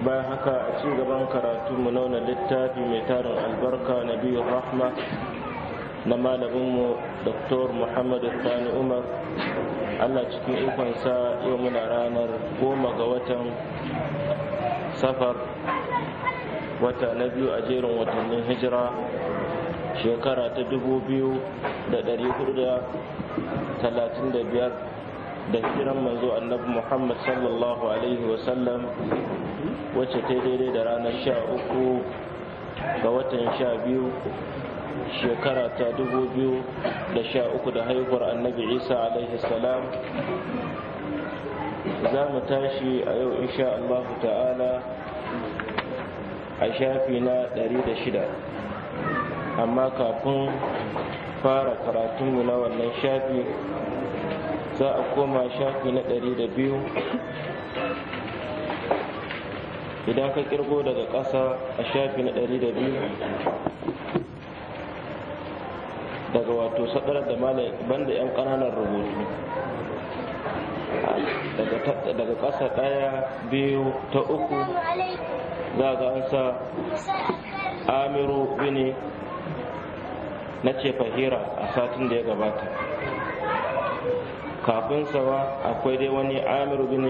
bayan haka a ci gaban karatu mu nauna littafi mai tarin albarka na biyu rahma na malaminmu dr muhammadu sani umar allah cikin ikonsa yau muna ranar goma ga watan safar wata na biyu a jerin watannin hijira shekara ta dubu biyu da da biyar. da kiran manzo annabi Muhammad sallallahu alaihi wasallam wacce ta daidai da ranar sha uku ga watan sha biyu shekara ta dubu biyu da sha uku da haihuwar annabi isa alaihi salam za mu tashi a yau insha Allah ta'ala a shafi na ɗari da shida amma kafin fara karatunmu na wannan shafi za a koma shafi na ɗari da biyu idan ka kirgo daga ƙasa a shafi na ɗari da biyu daga wato sadarar da malai banda 'yan ƙananan rubutu daga ƙasa ɗaya biyu ta uku za ga an sa amiru bini na ce fahira a satin da ya gabata kafin sawa akwai dai wani amir bin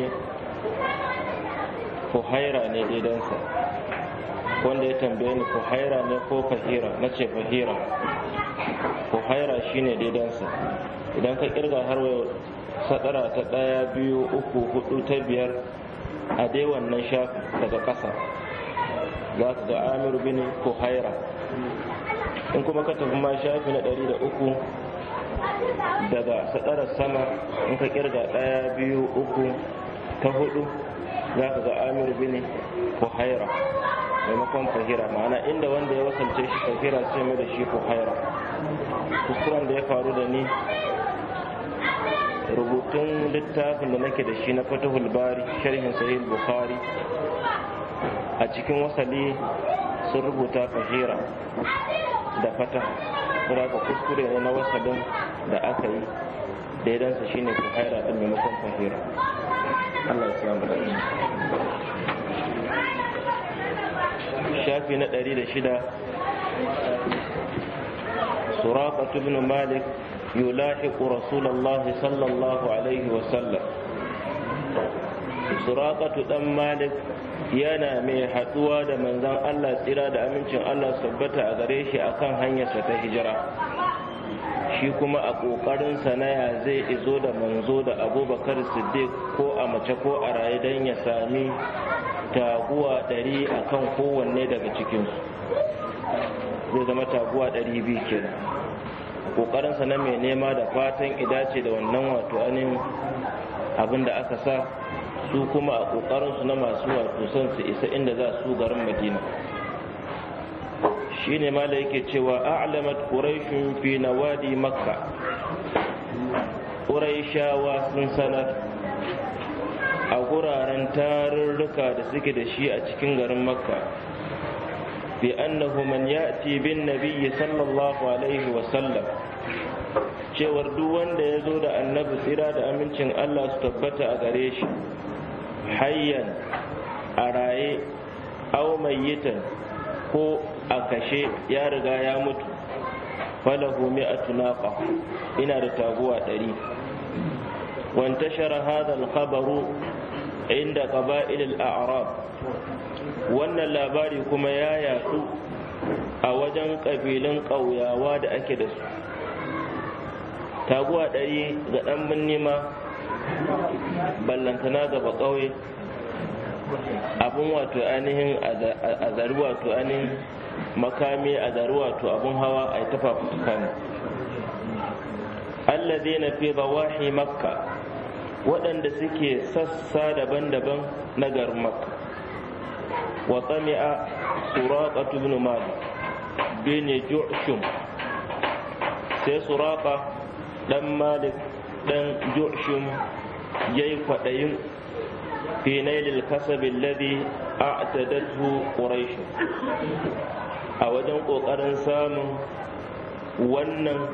fuhaira ne idansa wanda ya tambaye ni fuhaira ne ko fahira na ce fahira fuhaira ne daidansa idan ka kirga har sadara ta ɗaya biyu uku hudu ta biyar a dai wannan shafi daga ƙasa za ka ga amir bin fuhaira in kuma ka tafi ma shafi na ɗari da uku daga tsakar sama in ka kirga ɗaya biyu uku ta hudu za ka ga amir bin Fuhaira maimakon fahira ma'ana inda wanda ya wasance shi fahira sai mai da shi Fuhaira. kuskuren da ya faru da ni rubutun littafin da nake da shi na fatahul bari sharhin sahih bukhari a cikin wasali sun rubuta fahira da fata sura ga kuskure ne na wasalin da aka yi da idansa shine fahira da maimakon fahira Allah ya samu da shafi na ɗari da shida سراقة بن مالك يلاحق رسول sallallahu alaihi wa عليه وسلم سراقة ɗan Malik. yana mai haɗuwa da manzan Allah tsira da amincin Allah sabbata a gare shi akan hanyarsa ta hijira shi kuma a ƙoƙarinsa na ya zai izo da manzo da abubakar siddiq ko a mace ko a raye don ya sami taguwa ɗari a kowanne daga cikinsu zai zama taguwa ɗari biyu kenan ƙoƙarinsa na mai nema da fatan idace da wannan wato anin abin da aka sa su kuma a ƙoƙarinsu na masu wato son su isa inda za su garin madina shine ne yake cewa a'lamat quraishun fi nawadi makka quraishawa sun sanar a guraren tarurruka da suke da shi a cikin garin makka bi annahu man ya'ti bin nabiyyi sallallahu alaihi wa sallam cewar duk wanda ya zo da annabi tsira da amincin Allah su tabbata a gare shi hayyan a raye au mayyitan ko a kashe ya riga ya mutu falahu mi'atu naqa ina da taguwa ɗari wantashara hadha al-khabaru inda qaba'il al-a'rab wannan labari kuma ya yasu. a wajen kabilun ƙauyawa da ake da su taguwa ɗari ga ɗan binni ma ballantana gaba ƙauye abin wato ainihin a zari wato ainihin makami a zari wato abin hawa a yi tafa allah allazi na fi zawahi makka waɗanda suke sassa daban-daban na garin makka wa tsami'a suraqatu tubinu malik bin ju'shum sai suraka dan malik dan jushum yayi kwadayin fi nailil kasab alladhi a'tadathu quraish a wajen kokarin samun wannan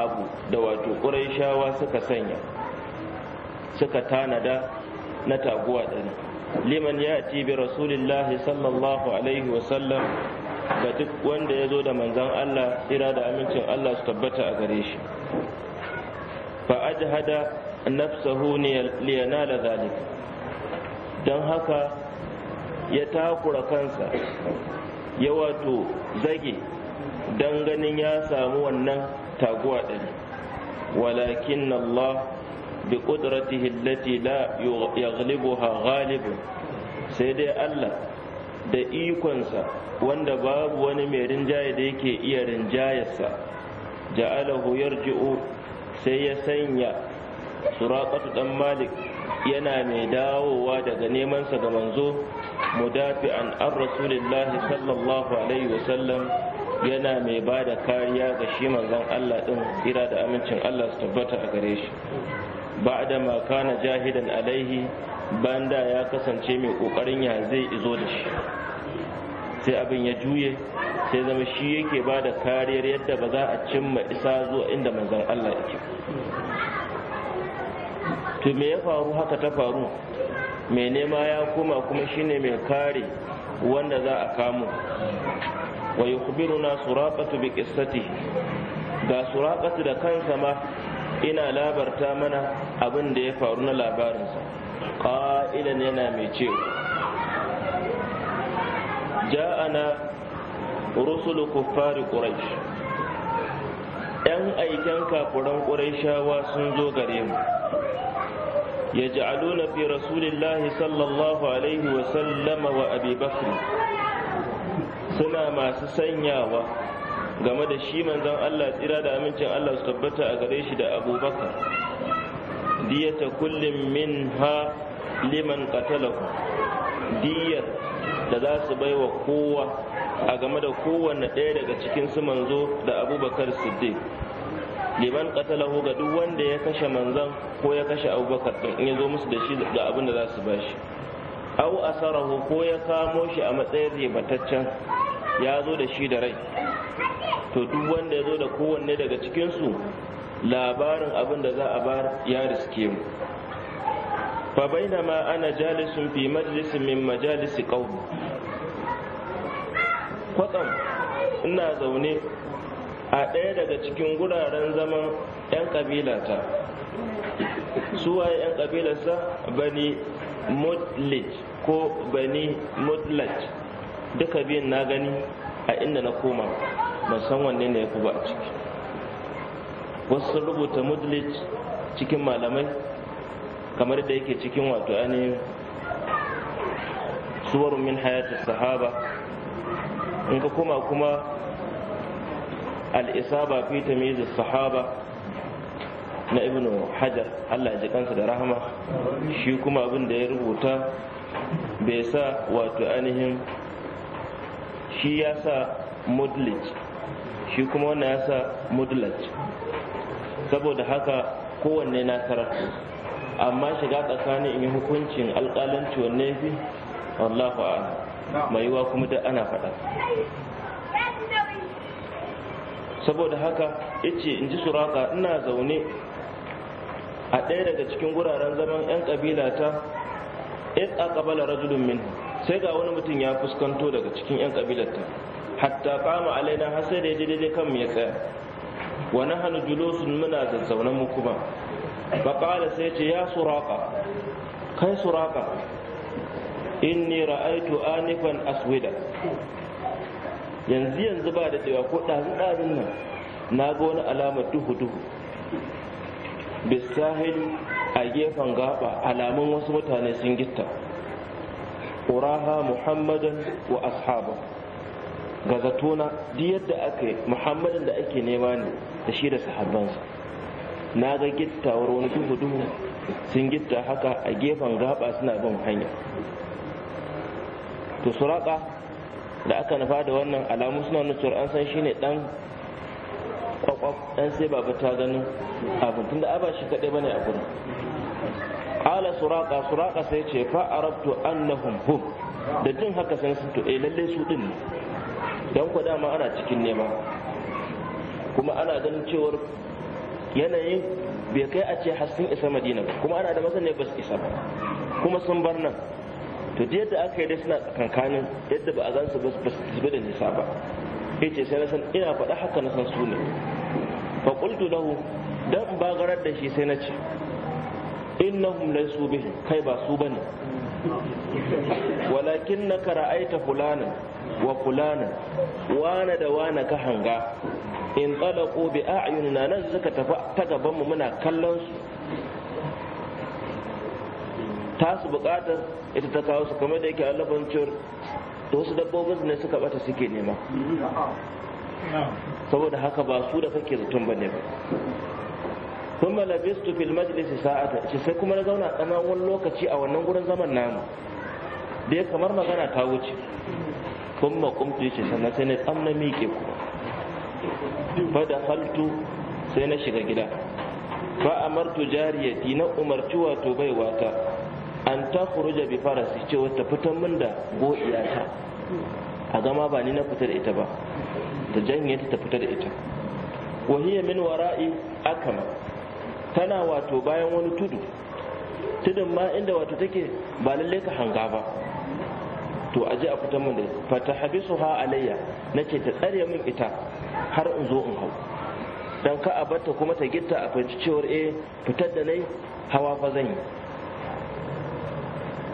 abu da wato quraishawa suka sanya suka tanada na taguwa din liman ya'ti bi rasulillahi sallallahu alaihi wa sallam ga duk wanda ya zo da manzan Allah ira da amincin Allah su tabbata a gare shi fa'ajhada nafsahu liyanala zalik don haka ya takura kansa ya wato zage don ganin ya samu wannan taguwa ɗari. walakin Allah bi ƙudratihi allati la yaghlibuha ghalibun sai dai Allah da ikonsa wanda babu wani mai rinjaya da yake iya rinjayarsa ja'alahu yarji'u sai ya sanya suraƙatu ɗan malik yana mai dawowa daga nemansa ga manzo mudafi'an an rasulillahi sallallahu alaihi wasallam yana mai ba da kariya ga shi manzon Allah ɗin tsira da amincin Allah su tabbata a gare shi ba da makana jahidan alaihi banda ya kasance mai ƙoƙarin ya zai izo da shi sai abin ya juye sai zama shi yake ba da kariyar yadda ba za a cimma isa zuwa inda manzan Allah yake to me ya faru haka ta faru mai nema ya koma kuma shine mai kare wanda za a kamo wa na suraqatu bi qissati ga suraqatu da kansa ma ina labarta mana abin da ya faru na labarinsa ƙa'ilan yana mai cewa ja'ana rusulu kuffari quraish yan aiken kafuran quraishawa sun zo gare mu yaj'aluna fi rasulillahi sallallahu alaihi wa sallama wa abi suna masu sanyawa game da shi manzon Allah tsira da amincin Allah su tabbata a gare shi da abubakar diyata kullum min ha liman qatalahu diyar da za su baiwa kowa a game da kowanne ɗaya daga cikin su manzo da abubakar siddiq liman qatalahu ga duk wanda ya kashe manzon ko ya kashe abubakar din in ya zo musu da shi ga abin da za su ba shi. au asarahu ko ya kamo shi a matsayin ribataccen ya zo da shi da rai to duk wanda ya zo da kowanne daga cikinsu labarin abin da za a bar ya riske mu fa bainama ana jalisun fi majlisin min majalisi qaumi kwatsam ina zaune a ɗaya daga cikin guraren zaman 'yan ƙabilata su waye 'yan ƙabilarsa bani mudlid ko bani mudlid duka biyan na gani a inda na koma ban san wanne ne ya fi ba a ciki wasu rubuta mudlid cikin malamai kamar da yake cikin wato ainihin suwarun min hayatu sahaba in ka koma kuma al'isaba fi tamyiz sahaba na ibn hajar Allah ji kansa da rahama shi kuma abin da ya rubuta bai sa wato ainihin shi ya sa mudlij shi kuma wannan ya sa mudlaj saboda haka kowanne na tarar amma shiga tsakanin in yi hukuncin alƙalanci wanne fi wallahu mai yiwa kuma da ana faɗa saboda haka yace in ji suraka ina zaune a ɗaya daga cikin guraren zaman 'yan ƙabila ta is aqbala rajulun min sai ga wani mutum ya fuskanto daga cikin 'yan ƙabilar ta hatta kama alaina har sai da ya daidai kan ya tsaya wa nahnu julusun muna zazzauna mu kuma ba qala sai ce ya suraka kai suraka inni ra'aytu anifan aswida yanzu yanzu ba da cewa ko ɗazun ɗazun nan na ga wani alamar duhu duhu bisahil a gefen gaba alamun wasu mutane sun gitta uraha muhammadan wa ashabu ga zatona duk yadda aka yi muhammadan da ake nema ne da shi da sahabbansa na ga gittawar wani duhu duhu sun gitta haka a gefen gaba suna bin hanya to suraka da aka nufa da wannan alamu suna nuna cewa an san shi ne dan kwakwaf dan sai babu ta ganin abin tunda ba shi kaɗai bane a gurin ala suraka suraka sai ce fa arabtu annahum hum da jin haka sai su to eh lalle su din ne dan ku dama ana cikin nema kuma ana ganin cewar yanayin bai kai a ce har sun isa madina ba kuma ana da masaniya ba su isa ba kuma sun bar nan to da yadda aka yi dai suna kankanin yadda ba a gansu ba su da nisa ba yace sai na san ina faɗa haka na san su ne fa qultu lahu dan bagarar da shi sai na ce innahum laysu bihi kai ba su bane walakin na ra'aita fulanan wa fulanan wana da wana ka hanga in talaqu bi a'yunina nan suka tafi ta gaban mu muna kallon su Ta su buƙatar ita ta kawo su kamar da yake allafin cewar da wasu dabbobin ne suka bata suke nema saboda haka ba su da kake zaton ba ne ba kun malabistu fil majalisi sa'ata ce sai kuma na zauna tsanawan lokaci a wannan gurin zaman namu da ya kamar magana ta wuce sun makumtu ce sannan sai na tsamna miƙe kuma fada haltu sai na shiga gida fa amartu jariyati na umarci wato baiwata an ta kuruja bi farasi ce wata fitan min da go'iyata a gama ba ni na fita da ita ba ta janye ta fita da ita wahiyya min wara'i akama tana wato bayan wani tudu tudun ma inda wato take ba lalle ka hanga ba to aje a fitan min da fa ta habisu ha alayya nace ta tsare min ita har in zo in hau dan ka a kuma ta gitta a fahimci cewar eh fitar da nai hawa fa zan yi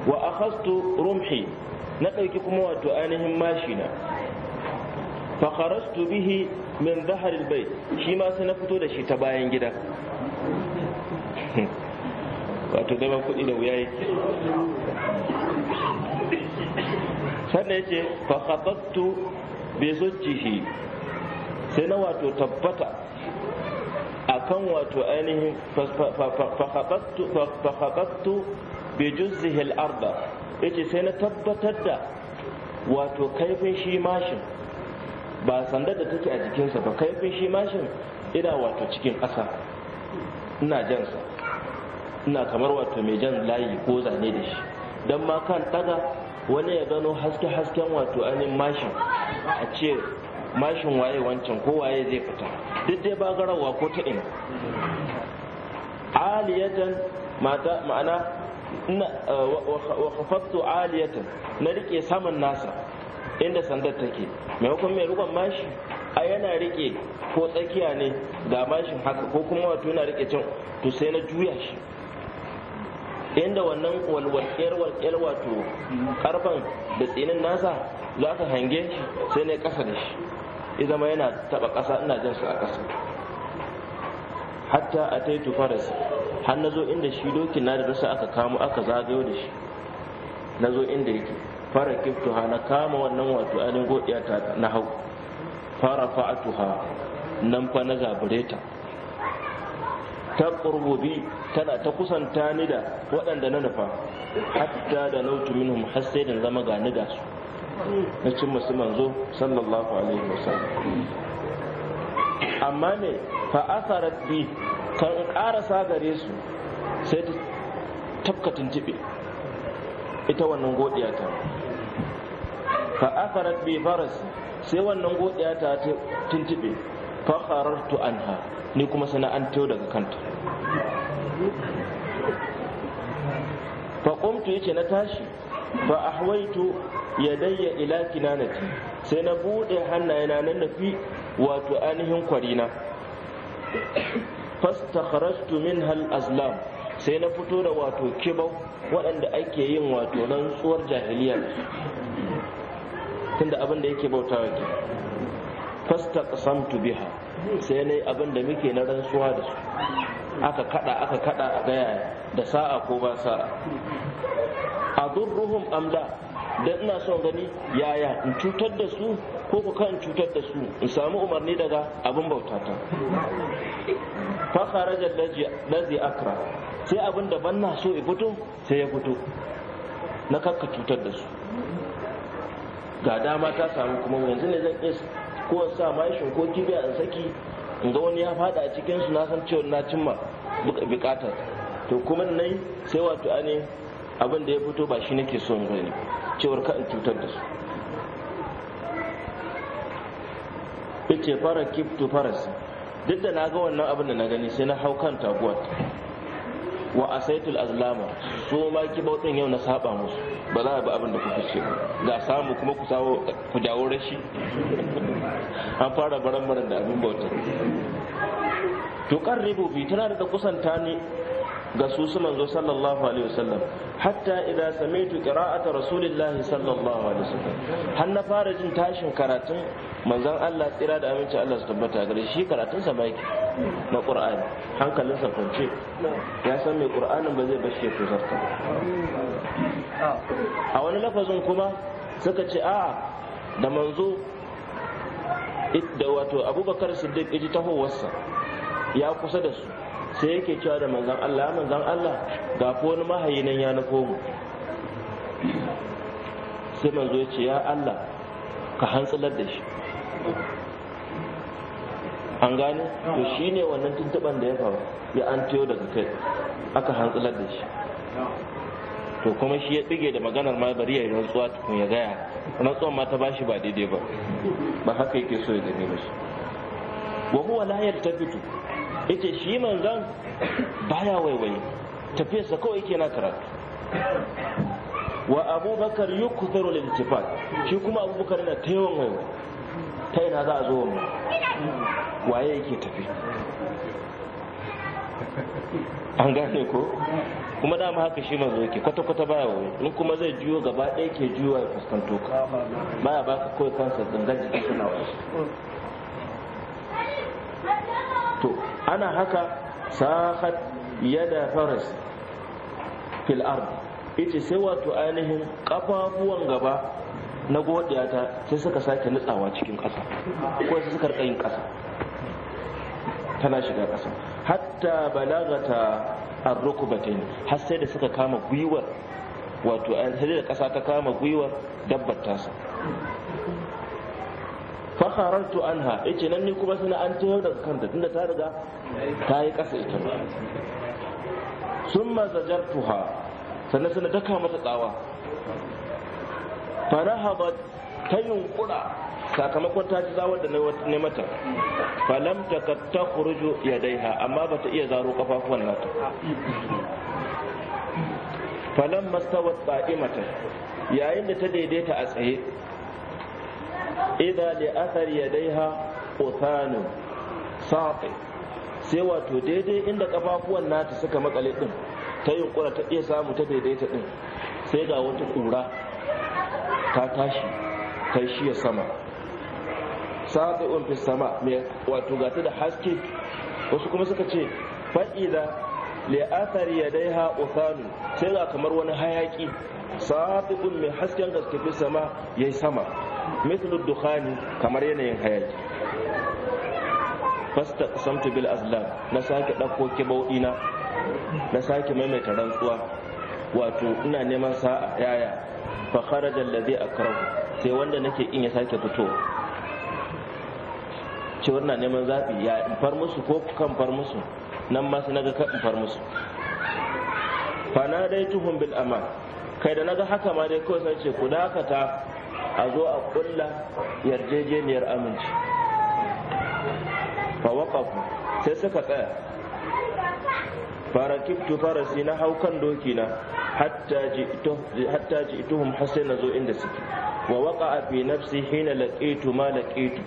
wa akhastu rumhi na ɗauki kuma wato ainihin mashina fa kharastu bihi min zaharil bai shi ma sai na fito da shi ta bayan gida wato gaban kuɗi da wuya yake sannan yace fa khatattu bi zujjihi sai na wato tabbata akan wato ainihin fa fa fa fa khatattu bi juzzihi al ba. yace sai na tabbatar da wato kaifin shi mashin ba sandar da take a jikinsa ba kaifin shi mashin ina wato cikin ƙasa ina jansa ina kamar wato mai jan layi ko zane da shi don ma kan ɗaga wani ya gano haske-hasken wato anin mashin a ce mashin waye wancan ko waye zai fita duk dai ba garawa ko ta ina aliyatan mata ma'ana Eh, wa khafattu aliyatan na rike saman nasa inda sandar take maimakon mai rikon mashi a yana rike ko tsakiya ne ga mashin haka ko kuma wato yana rike can to sai na juya shi inda wannan walwalƙiyar walƙiyar wato karfan da tsinin nasa za ka hange shi sai na ƙasa da shi ya zama yana taɓa ƙasa ina jansu a ƙasa hatta a ataitu faras har nazo inda shi dokin na da rasa aka kamo aka zagayo da shi nazo inda yake fara kiftuha na kama wannan wato ainihin godiya ta na hau fara fa'atuha nan fa na zabure ta ta ƙurbubi tana ta kusanta ni da waɗanda na nufa hatta da nautu minhum har sai da zama gani da su na cin musu manzo sallallahu alaihi wasallam amma ne fa asarat bi ta karasa gare su sai ta tafka tuntube ita wannan godiya ta fa asarat bi faras sai wannan godiya ta tuntube fa kharartu anha ni kuma sana'anta daga kanta fa qumtu yace na tashi fa ahwaitu yadayya ila kinanati sai na bude hannayena nan nafi wato ainihin kwarina fastakharajtu min hal azlam sai na fito da wato kibau waɗanda ake yin wato rantsuwar jahiliya tunda abin da yake bautawa ke fastaqsamtu biha sai nayi abin da muke na rantsuwa da su aka kada aka kada a gaya da sa'a ko ba sa'a adurruhum amla dan ina son gani yaya in cutar da su ko ku kan cutar da su in samu umarni daga abin bautata fa kharaja lazi akra sai abin da ban na so ya fito sai ya fito na kakka cutar da su ga dama ta samu kuma yanzu ne zan iya ko sa ma ko kibiya in saki in ga wani ya fada a cikin su na san cewa na cimma bukatar to kuma nan sai wato ane abin da ya fito ba shi nake so in gani cewar ka in cutar da su yace fara kiftu faras, duk da na ga wannan abin da na gani sai na hau kan taguwar wa asaitul azlama su ma kibau yau na saba musu ba za a bi abin da kuka ce ga samu kuma ku sawo ku dawo rashi an fara baran da abin bautar to kan ribobi tana da kusanta ne ga su su manzo sallallahu alaihi wasallam hatta idza sami'tu qira'ata rasulillahi sallallahu alaihi wasallam har na fara jin tashin karatun manzon Allah tsira da aminci Allah su tabbata gare shi karatun sa baki na Qur'ani hankalin sa kwance ya san mai Qur'anin ba zai bashi ya tuzarta a wani lafazin kuma suka ce a da manzo da wato Abubakar Siddiq ji tahowarsa ya kusa da su sai yake cewa da manzan Allah manzan Allah ga wani mahayi nan ya nufo mu sai manzo ya ce ya Allah ka hantsilar da shi an gane to shi ne wannan tuntuban da ya faru ya an tiyo daga kai aka hantsilar da shi to kuma shi ya tsige da maganar ma bari ya yi rantsuwa tukun ya gaya rantsuwan ma ta bashi ba daidai ba ba haka yake so ya gani ba shi wa huwa la yaltafitu yace shi manzan baya tafiya tafiyarsa kawai yake na karatu wa abubakar yukthiru al-iltifat shi kuma abubakar yana ta yawan waiwaye ta ina za a zo mu waye yake tafi an gane ko kuma dama haka shi manzo yake kwata-kwata baya wani in kuma zai juyo gaba ɗaya ke juyowa ya fuskanto ka baya baka kawai kansa gangan jikin na wasu to ana haka sahat yada faras fil ard ita sai wato ainihin kafafuwan gaba na godiyata sai suka sake nutsawa cikin ƙasa ko sai suka yin ƙasa tana shiga ƙasa hatta balagata arrukubatain har sai da suka kama gwiwar wato sai da ƙasa ta kama gwiwar dabbar tasa fakharartu anha yace nan ni kuma sai an tayar da kanta tunda ta riga ta yi kasa ita ba summa zajartuha sannan sai daka mata tsawa fanahabat ta yunkura sakamakon ta ji zawar da ne mata falam ta ta kuruju ya daiha amma ba ta iya zaro kafafuwan nata falam mastawat mata, yayin da ta daidaita a tsaye idza li athar yadaiha quthanun saqi sai wato daidai inda kafafuwan nata suka makale din ta yunkura ta iya samu ta daidaita din sai ga wata kura ta tashi ta shi ya sama saqi'un fi sama me wato gata da haske wasu kuma suka ce fa'ida li athari yadaiha uthanu sai ga kamar wani hayaki un mai hasken gaske fi sama yayi sama mithlu dukhani kamar yanayin hayaki fasta qasamtu bil azlam na sake dauko kibauɗi na na sake maimaita rantsuwa wato ina neman sa'a yaya fa kharaja alladhi akrahu sai wanda nake in ya sake fito. cewar na neman zaɓi ya in far musu ko kan far musu nan ma sai naga kan in far musu fa na dai tuhum bil aman kai da naga haka ma dai kawai sai ce ku dakata a zo a kulla yarjejeniyar aminci fa waqafu sai suka tsaya farakibtu farasi na haukan doki na hatta ji ituhun hasai na zo inda suke wa waka a fi nafsi hina laƙetu ma laƙetu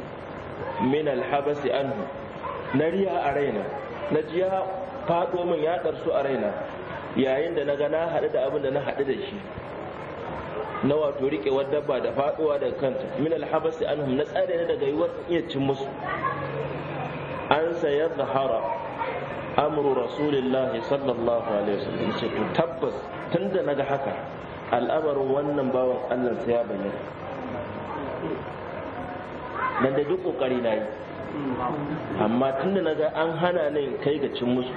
min alhabasi anhu na riya a raina na ji ya faɗo min ya ɗarsu a raina yayin da na ga na haɗu da abin da na haɗu da shi na wato riƙewar dabba da faɗuwa daga kanta min alhabasi anhum na tsare daga yiwuwar iya cin musu an sayar da hara amru rasulillahi sallallahu alaihi wasallam ce to tabbas tunda naga haka al'amarin wannan bawan Allah sai ya bayyana dan da duk kokari na yi amma tunda naga an hana ni kai ga cin musu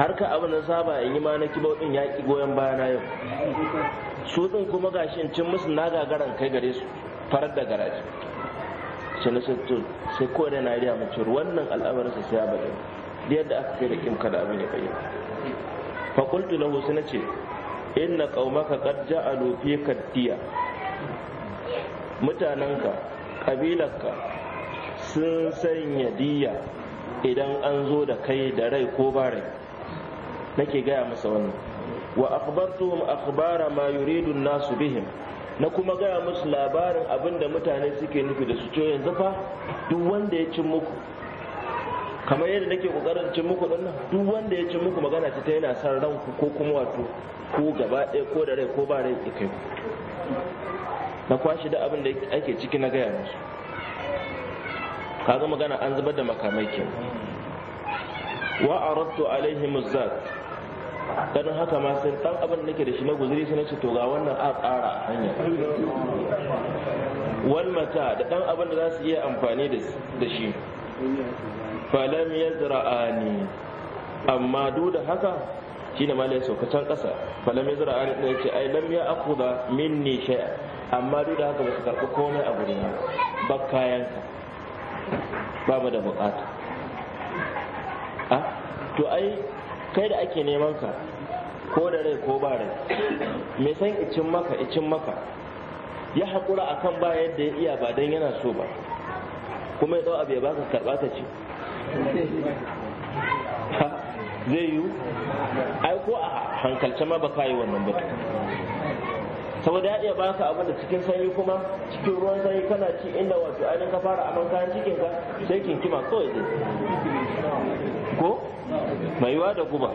har ka da na saba in yi ma na kibau din ya ki goyon bayana yau su din kuma gashin cin musu na gagaran kai gare su farar da garaji sai na sai ko da na riya mace wannan al'amarin sa sai ya da yadda aka kai da kim kada abin ya bayyana fa qultu lahu sai ce inna qaumaka qad ja'alu fika diya mutananka kabilarka sun sanya diya idan an zo da kai da rai ko ba rai nake gaya masa wannan wa akhbartuhum akhbara ma yuridu nasu bihim na kuma gaya musu labarin abin da mutane suke nufi da su ce yanzu fa duk wanda ya cin muku kamar yadda nake kokarin cin muku din duk wanda ya cin muku magana ta yana san ranku ko kuma wato ko gaba ɗaya ko da rai ko ba rai ke kai na kwashi da abin da ake ciki na gaya musu kaga magana an zubar da makamai ke wa aradtu alaihim zat ganin haka ma sai dan abin da nake da shi na guzuri su nace to ga wannan a tsara hanya wal mata da dan abin da za su iya amfani da shi falam yazra'ani amma duk da haka shine ma lai sauka can kasa falam yazra'ani da ce ai lam ya min minni shay'a amma duk da haka ba su karɓi komai a gurina ba kayan ba mu da bukata ah? to ai kai da ake neman ka ko da rai ko ba rai mai san icin maka icin maka ya haƙura akan ba yadda ya iya ba dan yana so ba kuma ya tsawo abu ya baka karɓa ta ce zai yiwu ai ko a hankalce ma ba ka yi wannan ba saboda ya iya baka abin da cikin sanyi kuma cikin ruwan sanyi kana ci inda wato ainihin ka fara aman kayan cikin ka sai kinkima kawai zai ko mai yiwa da guba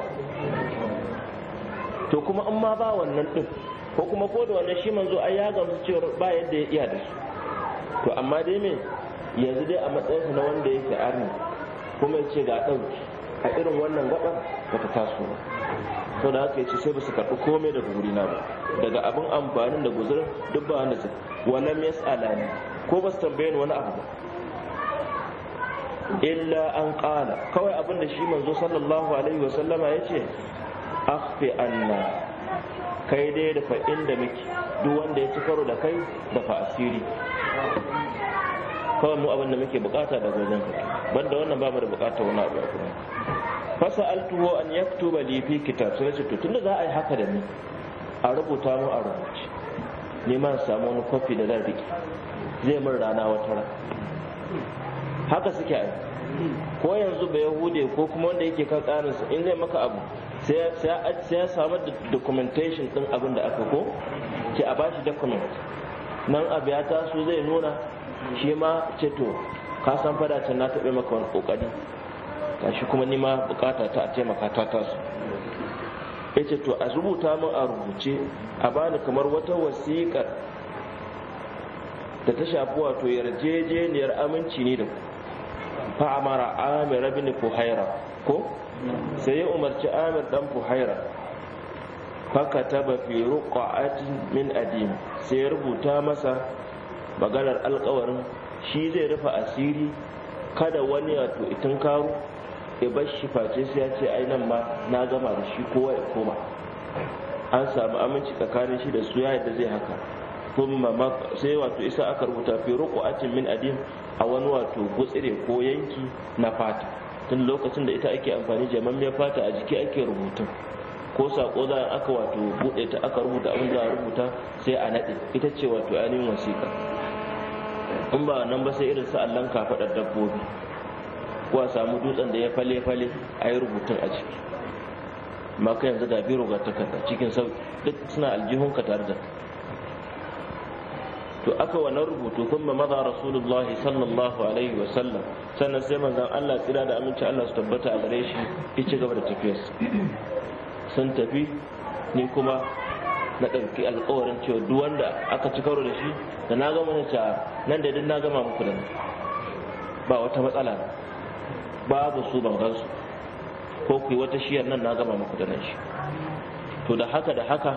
to kuma in ma ba wannan din ko kuma ko da wannan shi manzo ai ya gamsu cewa ba yadda ya iya da su to amma dai me yanzu dai a matsayinsa na wanda yake arni kuma ya ce ga ɗauki a irin wannan gaba ba ta taso to da haka yace sai ba su karɓi komai daga na ba daga abin amfanin da guzur duk ba wanda su walam yas'ala ni ko ba su tambaye ni wani abu ba illa an qala kawai abin da shi manzo sallallahu alaihi wa sallama yace akhfi anna kai dai da fa inda muke duk wanda ya ci karo da kai da fa asiri kawai mu abin da muke bukata da wajen banda wannan ba mu da bukata wani abu a kuma Fasa altuwo an yaktuba li fi kitab sai ce tutun tunda za a yi haka da ni a rubuta mu a rubuce ni ma samu wani kofi da zan rike zai min rana wata ran haka suke yi, ko yanzu ba yahude ko kuma wanda yake kan karinsa in zai maka abu sai ya samu documentation din abin da aka ko ke a bashi document nan abu ya taso zai nuna shi ma ce to ka san fada can na taɓa maka wani ƙoƙari shi kuma nima bukata ta a taimaka ta tasu ya ce to a rubuta min a rubuce a bani kamar wata wasiƙar da ta shafi wato yarjejeniyar aminci ne da fa amara amir bin fuhaira ko sai ya umarci amir dan fuhaira faka taba fi min adim sai ya rubuta masa maganar alƙawarin shi zai rufe asiri kada wani ya to itin karo ya bar shi face sai ya ce ai nan ma na gama da shi kowa ya koma an samu aminci tsakanin shi da su ya yadda zai haka thumma sai wato isa aka rubuta fi ruqatin min adin a wani wato gutsire ko yanki na fata tun lokacin da ita ake amfani jamammiyar fata a jiki ake rubutun ko sako za a aka wato bude ta aka rubuta abin da rubuta sai a nade ita ce wato ainihin wasiƙa in ba nan ba sai irin sa'allan kafaɗar dabbobi ko a samu dutsen da ya fale-fale a yi rubutun a ciki ma ka yanzu da biro ga takarda cikin sauki duk suna aljihun ka tare da to aka wannan rubutu kuma maza rasulullah sallallahu alaihi wa sallam sannan sai manzan Allah tsira da aminci Allah su tabbata a gare shi ya ci gaba da tafiyarsa sun tafi ni kuma na ɗauki alkawarin cewa duk wanda aka ci karo da shi da na gama na nan da duk na gama muku da ba wata matsala babu su ban gansu ko ku yi wata shiyar nan na gama muku da nan shi to da haka da haka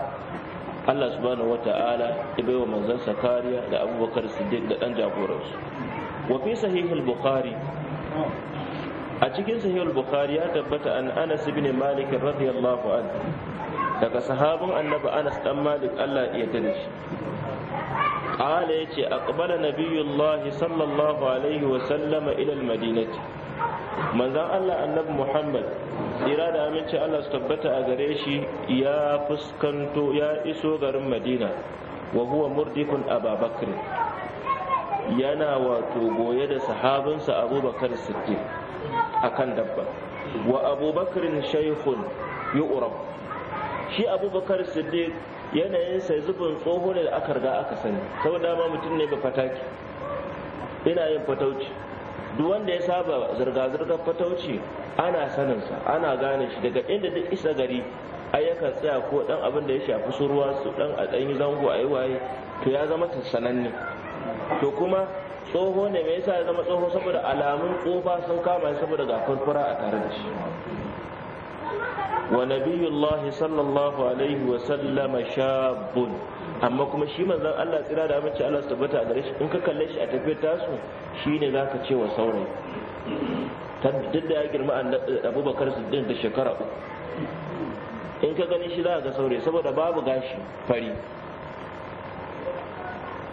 Allah subhanahu wata'ala ya bai wa manzansa kariya da abubakar siddiq da dan jagoransu wa fi sahihul bukhari a cikin sahihul bukhari ya tabbata an anas ibn malik radiyallahu anhu daga sahabin annabi anas dan malik Allah ya yarda da shi قال يتي أقبل نبي الله صلى الله عليه وسلم إلى المدينة manzan Allah annabi Muhammad tsira da aminci Allah su tabbata a gare shi ya fuskanto ya iso garin Madina wa huwa murdikun Abubakar, yana wato goye da sahabinsa Abubakar Siddiq akan dabba wa Abubakar shaykhun yu'rab shi Abubakar Siddiq sai zubin tsoho ne da aka riga aka sani saboda ma mutum ne ga fataki ina yin fatauci duk wanda ya saba zirga-zirgar fatauci ana saninsa ana gane shi daga inda duk isa gari yakan tsaya ko dan abin da ya shafi su ruwa su dan a ɗanyi zango a yi waye to ya zama sananne to kuma tsoho ne me yasa ya zama tsoho saboda alamun tsofa sun kama saboda ga furfura a tare da shi wa nabiyullahi sallallahu alaihi wa sallama shabun amma kuma shi manzon Allah tsira da aminci Allah su tabbata a gare shi in ka kalle shi a tafiya tasu shine ka ce wa saurayi duk da ya girma abubakar su din da shekara uku in ka gani shi za ga saurayi saboda babu gashi fari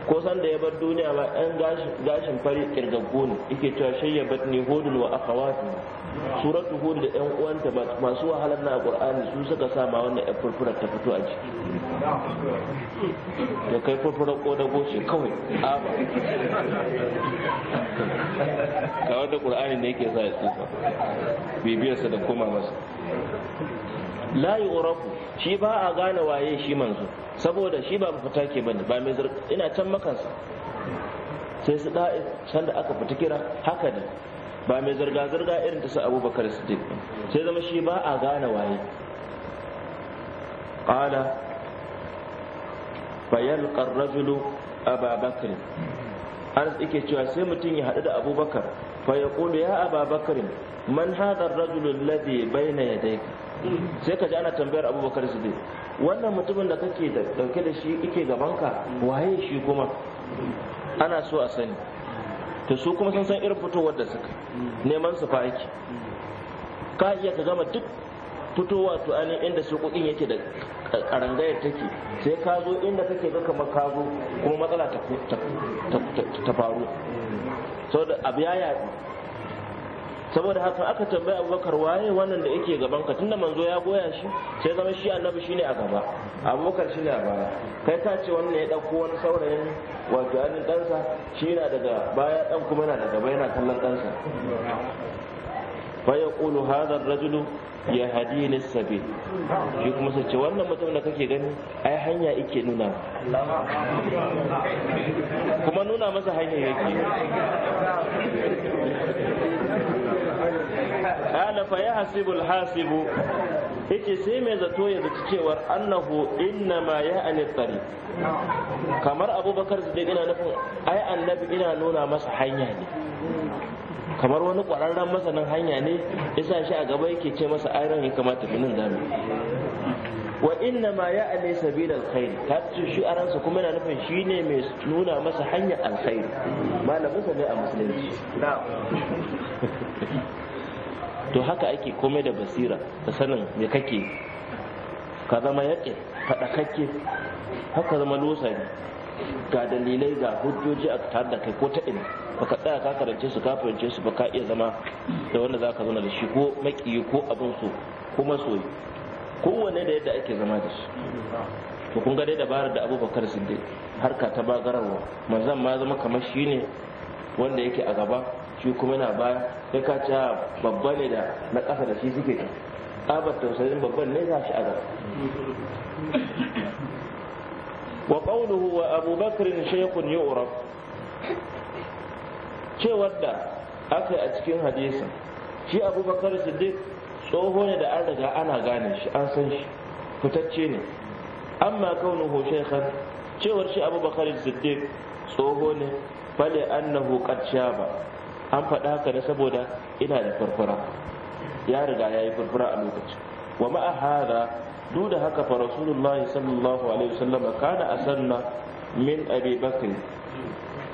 ko san da ya bar duniya ma ɗan gashin fari kirgaggo ne yake cewa shayya ne hudun wa akhawatu suratu hud da ɗan uwanta ba masu wahalar na qur'ani su suka sa ma wannan ɗan furfurar ta fito a ciki da kai furfurar kodago ce kawai a ba ga wanda qur'ani ne yake sa ya tsufa bibiyarsa da koma masa la yu'rafu shi ba a gane waye shi manzo saboda shi ba mafita ke bane ba mai zurka ina can makansa sai su da can da aka fita kira haka da ba mai zurga zurga irin ta su abubakar su siddiq sai zama shi ba a gane waye qala fayalqa ar a ababakar anas yake cewa sai mutum ya haɗu da abubakar fa ya ya ababakar man hadha ar-rajulu alladhi bayna yadayka sai ka ji ana tambayar abubakar siddiq wannan mutumin da kake da dauke da shi gaban gabanka waye shi kuma ana so a sani Ta su kuma sun san irin fitowar da suka neman su fa ka iya ka gama duk fitowa to ainihin inda su yake da karangayar take sai ka zo inda kake ga kamar ka zo kuma matsala ta faru saboda abu ya yaɗu saboda haka aka tambayi abubakar waye wannan da yake gaban ka tunda manzo ya goya shi sai zama shi annabi shine a gaba abubakar shine a baya kai ka ce wannan ya dauko wani saurayin wato anin dansa shi yana daga baya dan kuma yana daga baya yana kallon dansa fa yaqulu hadha rajulu ya hadini sabil shi kuma sai ce wannan mutum da kake gani ai hanya yake nuna kuma nuna masa hanya yake kala fa yahsibul hasibu yace sai mai zato ya zaci cewar annahu inna ma ya'ani tari kamar abubakar siddiq ina nufin ai annabi ina nuna masa hanya ne kamar wani ƙwararren masanin hanya ne yasa shi a gaba yake ce masa ai ya kamata binin zamu wa inna ma ya'ani sabilal khair ta ce shi aransa kuma yana nufin shi ne mai nuna masa hanyar alkhairi malamin sa ne a musulunci to haka ake komai da basira da sanin me kake ka zama yaƙe faɗakakke haka zama losari ga dalilai ga hujjoji a tare da kai ko ta ina baka tsaya ka karance su ka fahimce su baka iya zama da wanda za ka zauna da shi ko makiyi ko abin so ko masoyi kowane da yadda ake zama da shi to kun ga dai dabarar da abubakar siddiq harka ta bagararwa manzon ma zama kamar shi ne wanda yake a gaba shi kuma na baya ya ka ah, babba ne da na ƙasa da shi suke ta abar tausayin babban ne za shi a gaba wa ƙaunuhu, wa shi Bakr yi urab cewar da aka a cikin hadisin shi Abubakar Bakr Siddiq tsoho ne da an riga ana gane shi an san shi fitacce ne amma kaunuhu shaykhan cewar shi Abubakar Bakr Siddiq tsoho ne fale annahu qad shaba an faɗa haka ne saboda ina da farfara ya riga ya yi farfara a lokacin wa ma'a hada duk da haka fa rasulullah sallallahu alaihi wasallam kana asanna min abi bakr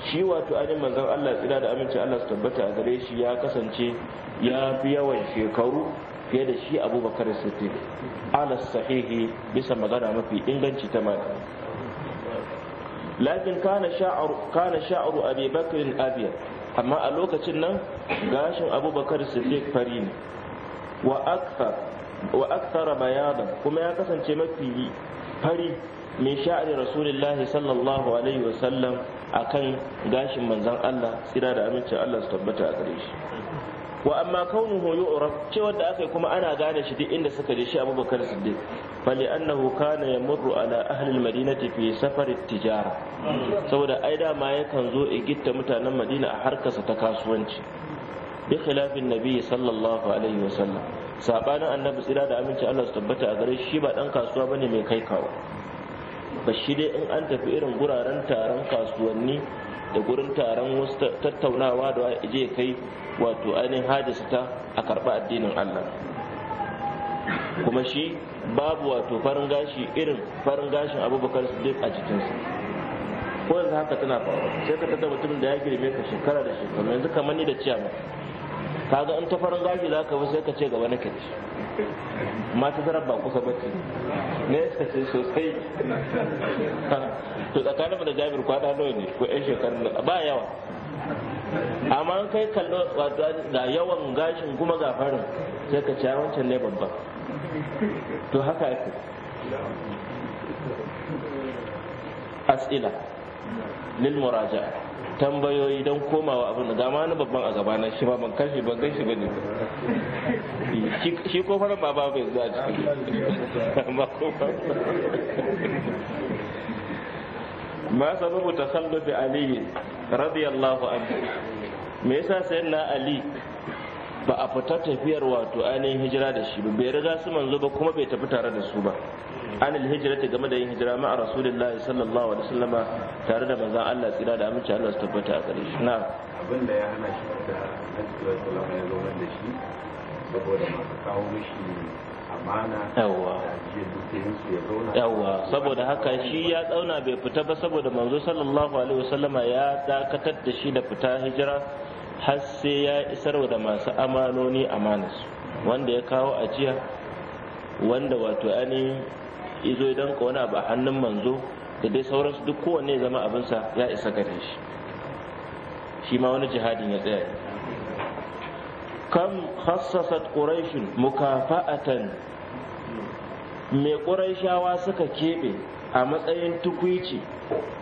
shi wato ainihin manzon Allah tsira da aminci Allah su tabbata a gare shi ya kasance ya fi yawan shekaru fiye da shi abubakar siddiq ala sahihi bisa magana mafi inganci ta mata lakin kana sha'ru kana sha'ru abi bakr amma a lokacin nan gashin abubakar siddiq fari ne wa akthar wa bayada kuma ya kasance mafi fari mai sha'ari rasulullahi sallallahu alaihi wasallam akan gashin manzon Allah tsira da amincin Allah su tabbata a gare shi wa amma kaunuhu yu'raf cewar da aka yi kuma ana gane shi duk inda suka je shi Abubakar Siddiq fali annahu kana yamurru ala ahli al-Madinati fi safar tijara saboda ai da ma yakan zo igitta mutanen Madina a harkarsa ta kasuwanci bi khilafin nabi sallallahu alaihi wasallam sabanin annabi tsira da aminci Allah su tabbata a gare shi ba dan kasuwa bane mai kai kawo ba shi dai in an tafi irin guraren taron kasuwanni da gurin taron wasu tattaunawa da je kai wato ainihin ta a karɓa addinin Allah kuma shi babu wato farin gashi irin farin gashin abubakar siddiq a jikinsa ko yanzu haka tana faruwa sai ka tada mutumin da ya girme ka shekara da shekaru yanzu kamar ni da ciyama kaga in ta farin gashi za ka sai ka ce gaba na kaji ma ta zarar ba kusa ba ne ta ce sosai to tsakanin da jabir kwada nawa ne ko yan shekarun ba yawa amma an kai kallo da yawan gashin kuma ga farin sai ka ciya wancan ne babban to haka yake as'ila lil muraja'a tambayoyi don komawa abin da dama na babban a gabana shi ba ban kashi ban gaishi ba ne shi ko fara ba ba bai zuwa ciki amma ko ma sababu bi ali radiyallahu anhu me yasa na ali ba a fita tafiyar wato ainihin hijira da shi ba bai riga su manzo ba kuma bai tafi tare da su ba an alhijrati game da yin hijira ma'a rasulullahi sallallahu alaihi wasallama tare da manzon Allah tsira da aminci Allah su tabbata a gare shi na abin da ya hana shi da Annabi sallallahu ya zo da shi saboda masu kawo mishi amana yawa yawa saboda haka shi ya tsauna bai fita ba saboda manzo sallallahu alaihi wasallama ya dakatar da shi da fita hijira har sai ya isar da masu amanoni amanarsu wanda ya kawo ajiya wanda wato ainihin Izo zo ya danka wani abu a hannun manzo da dai sauransu duk kowanne zama abinsa ya isa gare shi shi ma wani jihadin ya tsaya kam khassasat quraish mukafa'atan me quraishawa suka keɓe a matsayin tukwici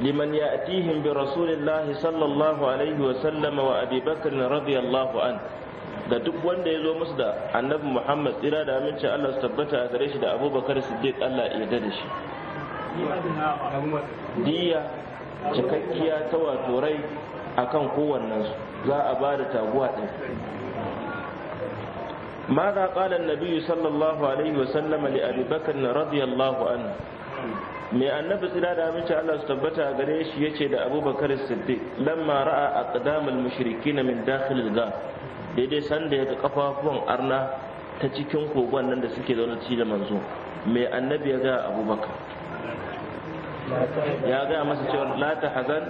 liman ya'tihim bi rasulillahi sallallahu alaihi wa sallama wa abi bakr radiyallahu anhu ga duk wanda ya zo musu da annabi muhammad tsira da amince allah su tabbata a gare shi da abubakar siddiq allah ya da shi diya cikakkiya ta wato rai akan kowannensu za a ba da taguwa ɗin ماذا قال النبي صلى الله عليه وسلم لأبي بكر رضي الله عنه mai annabi tsira da aminci Allah su tabbata a gare shi yace da Abu Bakar Siddiq lamma ra'a aqdamul min dakhil ga. daidai sanda ya ga kafafuwan arna ta cikin kogon nan da suke zaune ci da manzo mai annabi ya ga abubakar ya gaya masa cewa la ta hazan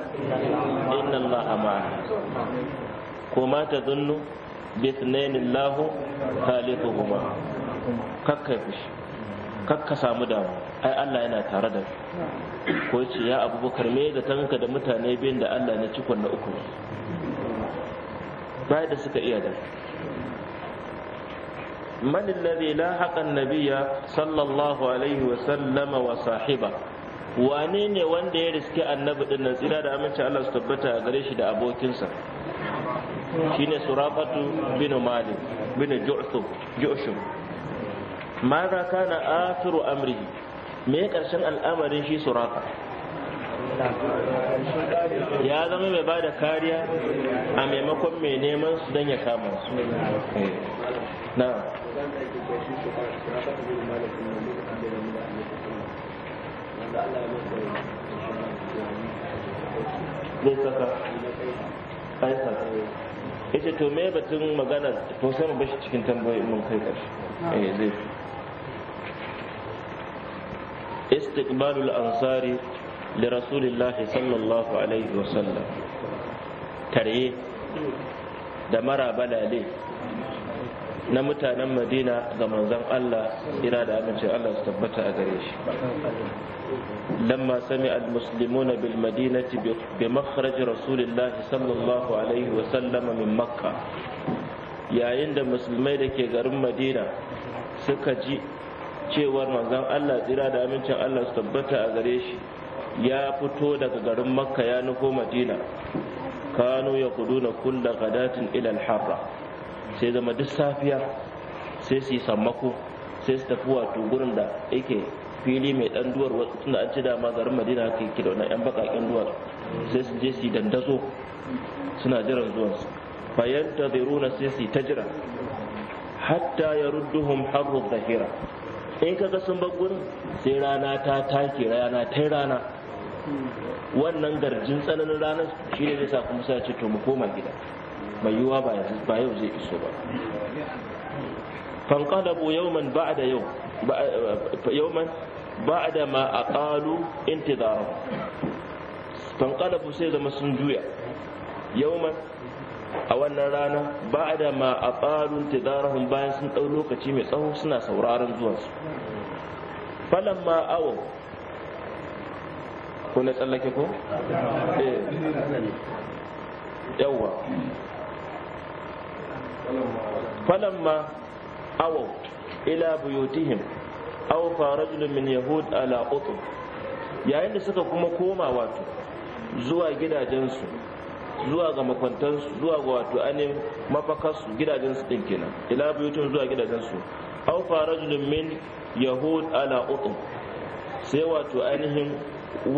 inna allaha ma'a ko ma ta zunnu bi thnaini allahu thalithuhuma kakka fushi kakka samu damu ai Allah yana tare da ko ce ya abubakar me da tanka da mutane biyan da Allah na cikon na uku ba da suka iya da man alladhi lahaqa an-nabiyya sallallahu alaihi wa sallama wa sahiba wane ne wanda ya riske annabi din nan tsira da aminci Allah su tabbata gare shi da abokinsa shine surafatu bin malik bin ju'thub ju'shum ma za kana akhiru amrihi me karshen al'amarin shi surafa ya zama mai bada kariya a maimakon mai neman su don ya kama su na zai saka aisa ya ce to me batun magana to sai mu bashi cikin tambayoyin mun kai ƙarshe eh zai istiqbalul ansari da rasulillahi sallallahu alaihi wasallam tarye da mara balale na mutanen madina ga manzon Allah ira da amincin Allah su tabbata a gare shi lamma sami al-muslimuna bil madinati bi makhraj rasulillah sallallahu alaihi wa sallama min makka yayin da musulmai da ke garin madina suka ji cewar manzon Allah tsira da amincin Allah su tabbata a gare shi ya fito daga garin makka ya nufo madina kano ya kudu na kulla gadatin ilal harra sai zama duk safiya sai su yi sammako sai su tafi wato gurin da yake fili mai dan duwar wasu da an ci dama garin madina ka yi kira yan bakaken duwar sai su je su yi dandazo suna jiran zuwansu bayan ta sai su yi ta jira hatta ya rudduhum harru zahira in kaga sun bar gurin sai rana ta take rana ta rana wannan garjin tsananin ranar shi ne zai sa kuma sai ce to mu koma gida mai yiwuwa ba yanzu ba yau zai iso ba fanqalabu yawman ba'da yau eh, yawman ba'da ma aqalu intidara fanqalabu sai zama sun juya yawman a wannan rana ba'da ma aqalu intidarahum bayan sun dau lokaci mai tsawo suna sauraron zuwansu falamma awaw ko na tsallake ko eh. yawwa falamma awau ila buyutihim aw fa min yahud ala qutb yayin da suka kuma koma wato zuwa gidajensu zuwa ga makwantansu zuwa ga wato anin mafakarsu gidajensu din kenan ila buyutihim zuwa gidajensu aw fa min yahud ala qutb sai wato ainihin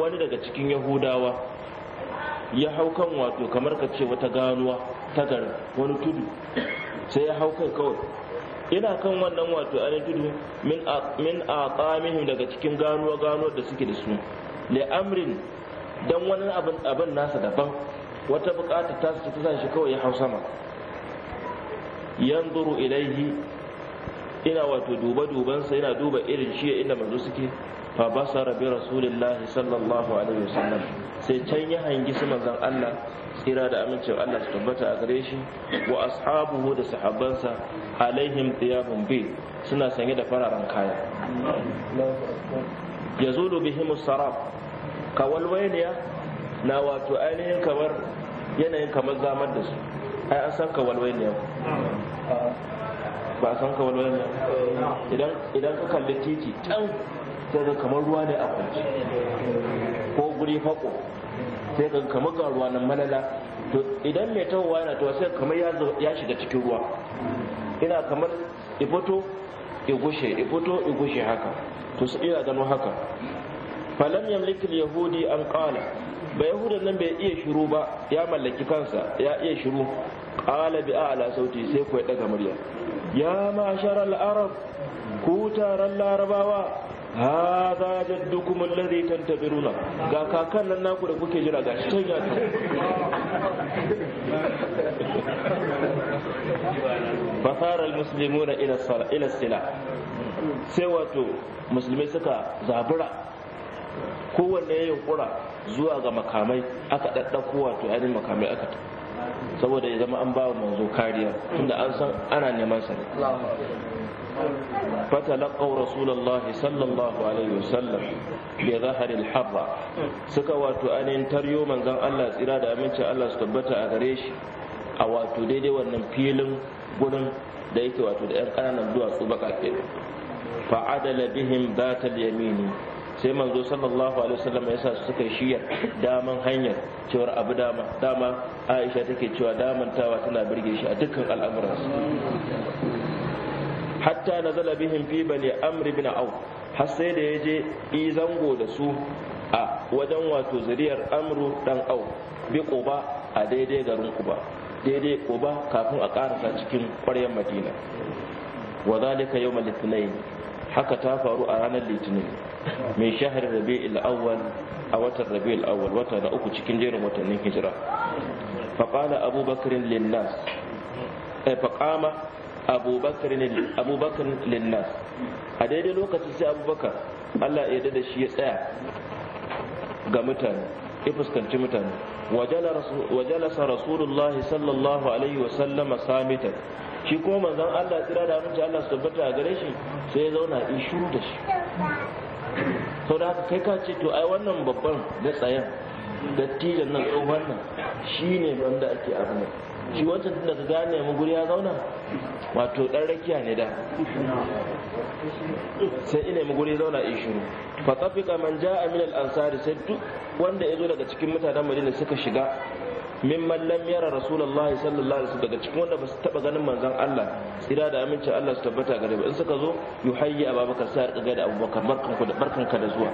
wani daga cikin yahudawa ya hau kan wato kamar ka ce wata ganuwa ta garin wani tudu sai ya hau kai kawai ina kan wannan wato ainihin tudu min a tsamihim daga cikin ganuwa ganuwar da suke da su le amrin dan wani abin nasa daban wata bukata ta su ta shi kawai ya hau sama yanzuru ilaihi ina wato duba dubansa yana duba irin shi inda manzo suke fa basara bi rasulillahi sallallahu alaihi wasallam sai can ya hangi su manzon Allah tsira da amincin Allah su tabbata a gare shi wa ashabuhu da sahabbansa alaihim thiyabun bi suna sanye da fararen kaya yazulu bihim sarab kawalwaniya na wato ainihin kamar yanayin kamar zamar da su ai an san kawalwaniya ba san kawalwaniya idan ka kalli titi can sai ga kamar ruwa ne a kwanci ko guri haƙo sai ga kamar ga ruwa nan malala to idan mai tawowa yana tawa sai kamar ya shiga cikin ruwa ina kamar ifoto igushe ifoto igushe haka to su iya gano haka falam yamliki yahudi an qala ba yahuda nan bai iya shiru ba ya mallaki kansa ya iya shiru qala bi a'la sauti sai ku ya daga murya ya ma'shar al-arab ku taron larabawa hadha jaddukum alladhi tantabiruna ga kakan nan naku da kuke jira gashi can ya ta fasara almuslimuna ila ila sila sai wato musulmai suka zabira kowanne ya yunkura zuwa ga makamai aka daddako wato ainihin makamai aka ta saboda ya zama an bawa manzo kariya tunda an san ana neman sa فتلقوا رسول sallallahu alaihi الله عليه وسلم بظهر suka wato واتو taryo manzon Allah tsira da aminci Allah su tabbata a gare shi a wato daidai wannan filin gurin da yake wato da yan kananan duwatsu baƙaƙe da labihin batal sai manzo sallallahu alaihi wasallam ya sa suka shiya daman hanyar cewar abu dama dama Aisha take cewa tawa tana birge shi a dukkan al'amuransu. hatta nazala bihim fi bani amr bin au har sai da yaje i zango da su a wajen wato zuriyar amru dan au bi quba a daidai garin quba daidai quba kafin a karasa cikin ƙwaryar madina wa zalika yawmal litinin haka ta faru a ranar litinin mai shahar rabi'il awwal a watan rabi'il awwal wata na uku cikin jerin watannin hijira faqala abubakar linnas ay eh, faqama abubakar linnas a daidai lokacin sai abubakar allah ya dada shi ya tsaya ga mutane ya fuskanci mutane wajalasa rasulullah sallallahu alaihi wasallama samitan shi kuma manzan allah tsira da aminci allah su tabbata a gare shi sai ya zauna in shuru da shi sau da haka kai ka ce to ai wannan babban da tsayen dattijan nan tsohon nan shi ne banda ake abu shi wancan tun da ka gane mu guri ya zauna wato dan rakiya ne da sai ina mu guri zauna in shiru fa tafika man jaa min al ansar sai duk wanda ya zo daga cikin mutanen Madina suka shiga min lam yara rasulullahi sallallahu alaihi daga cikin wanda ba su taba ganin manzon Allah tsira da amincin Allah su tabbata gare ba in suka zo yuhayyi ababakar sai rika da abubakar barkan ku da barkan ka da zuwa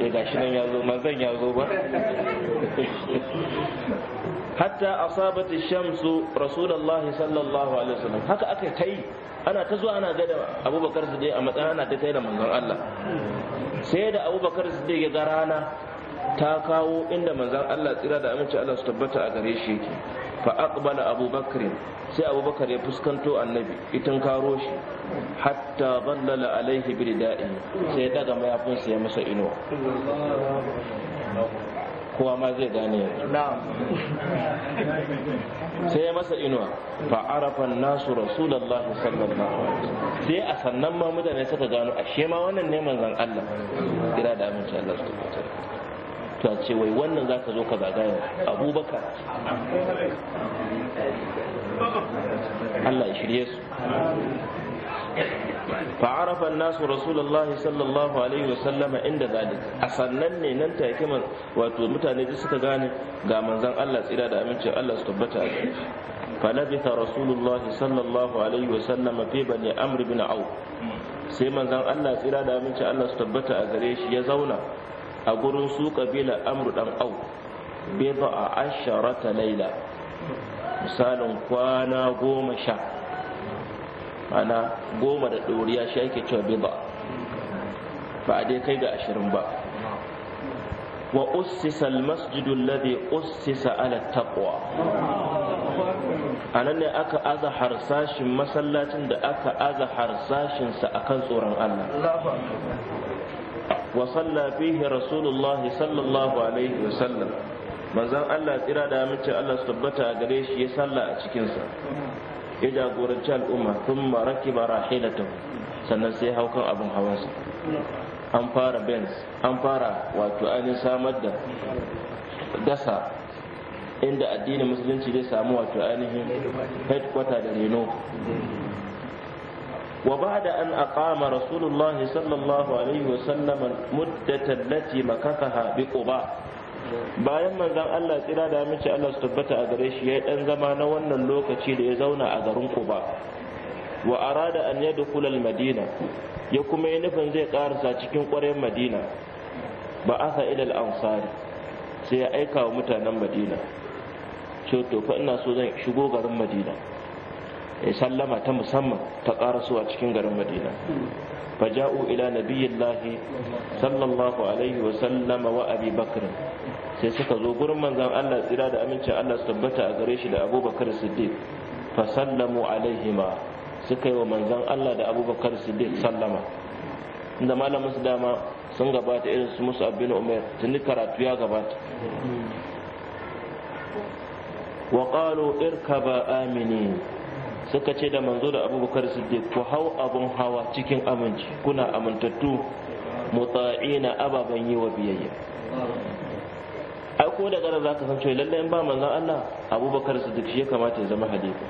sai eh, gashi nan ya zo manzon ya zo ba hatta asabat shamsu rasulullahi sallallahu alaihi wasallam haka aka kai ana ta zuwa ana gada abubakar siddiq a matsayin ana ta kai da manzon Allah sai da abubakar siddiq ya ga rana ta kawo inda manzon Allah tsira da aminci Allah su tabbata a gare shi yake fa aqbala abubakar sai abubakar ya fuskanto annabi itin karo shi hatta ballala alaihi daɗi sai ya daga mayafinsa ya masa inuwa kowa ma zai gane sai ya masa inuwa fa arafan nasu rasulullahi sallallahu sai a sannan ma mutane suka gano ashe ma wannan ne manzon Allah kira da aminci Allah su ta ce wai wannan za ka zo ka zagaya Abubakar Allah ya shirye su فعرف الناس رسول الله صلى الله عليه وسلم عند ذلك أسنن نن تاكي من واتو متاني دي suka gane ga manzon Allah tsira da amincin Allah su tabbata a gare فلبث رسول الله صلى الله عليه وسلم في بني عمرو بن au sai manzon Allah tsira da amincin Allah su tabbata a gare shi ya zauna a gurin su kabila Amr dan Auf bid'a asharata laila misalin kwana goma sha Ana goma da ɗoriya shi ake cewa bida ba a dai kai ga ashirin ba wa ussisa almasjidu alladhi ussisa ala taqwa anan ne aka aza harsashin masallacin da aka aza harsashin sa akan tsoron Allah wa salla fihi rasulullah sallallahu alaihi wa sallam manzon Allah tsira da mace Allah su tabbata gare shi ya salla a cikin sa ya jagoranci al'umma sun maraki bara sannan sai haukan abin hawansa an fara benz an fara wato ainihin samar da dasa inda addinin musulunci zai samu wato ainihin headquarter da reno وبعد أن أقام رسول الله صلى الله عليه وسلم المدة التي مكثها بقباء bayan manzon Allah tsira da mace Allah su tabbata a gare shi yi ɗan zama na wannan lokaci da ya zauna a garin Quba wa arada an yadkhula al-Madina ya kuma yi nufin zai karasa cikin ƙwarin Madina ba asa ilal ansari sai ya aika wa mutanen Madina ce to fa ina so zan shigo garin Madina ya sallama ta musamman ta karasuwa cikin garin Madina فجاءوا إلى نبي الله صلى الله عليه وسلم وأبي بكر sai suka zo gurin manzan Allah tsira da amincin Allah su tabbata a gare shi da abubakar siddiq fa sallamu alaihima suka wa manzan Allah da abubakar siddiq sallama inda malamin su dama sun gabata irin su musu abin umar tuni karatu ya gabata wa qalu irkaba Amini. suka ce da manzo da abubakar siddiq ku hau abun hawa cikin aminci kuna amintattu mutsa'ina ababen yi wa biyayya ai ko da gara zaka san cewa lallai in ba manzon Allah abubakar siddiq shi ya kamata ya zama hadisi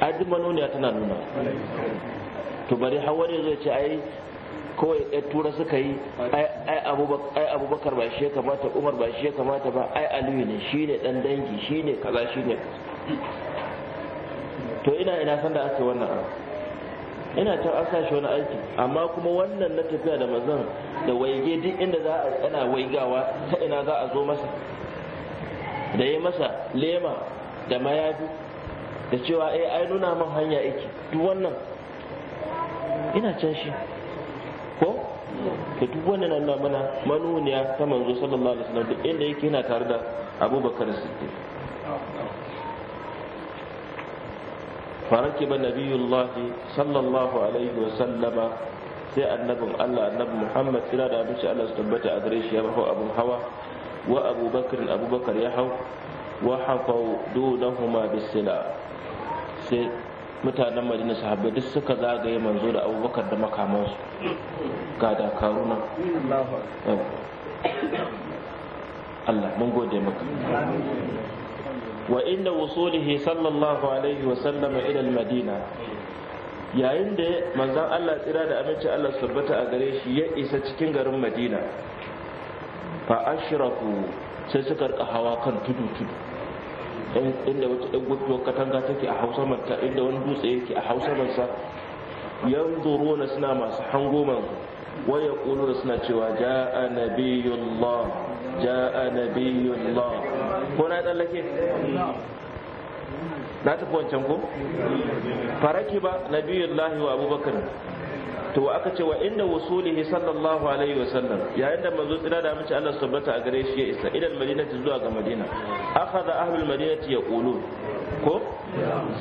ai tana nuna to bari har zai ce ai kawai ya tura suka yi ai abubakar ba shi ya kamata umar ba shi ya kamata ba ai aliyu ne shi ne dan dangi shi ne kaza shi ne to ina ina san da ake wannan abu ina can an sashi wani aiki amma kuma wannan na tafiya da mazan da waige duk inda za a ana waigawa ta ina za a zo masa da ya masa lema da mayafi da cewa eh ai nuna man hanya yake duk wannan ina can shi ko da duk wannan nan mana manuniya ta manzo sallallahu alaihi wasallam duk inda yake yana tare da abubakar siddiq فركب نبي الله صلى الله عليه وسلم sai annabin Allah annabi Muhammad kira da abinci Allah su tabbata a gare shi ya hawa wa abubakar abubakar ya hau wa hafau dunahuma bisila sai mutanen madina sahabbai duk suka zagaye manzo da abubakar da makamansu ga dakaru nan mun وعند وصوله صلى الله عليه وسلم إلى المدينة yayin da manzan Allah tsira da aminci Allah sabbata a gare shi ya isa cikin garin Madina fa ashraku sai suka rika hawa kan tudu tudu inda wata ɗan gudu katanga take a Hausa manta inda wani dutse yake a Hausa mansa yanzuruna suna masu hango manzo waya da suna cewa ja'a nabiyullah ja'a nabiyullah ko na tsallake na tafi wancan ko faraki ba nabiyullahi wa abubakar to aka ce wa inda wasulihi sallallahu alaihi wa sallam yayin da manzo tsira da mace Allah tabbata a gare shi ya isa idan madinati zuwa ga madina akhadha ahlul madinati yaqulu ko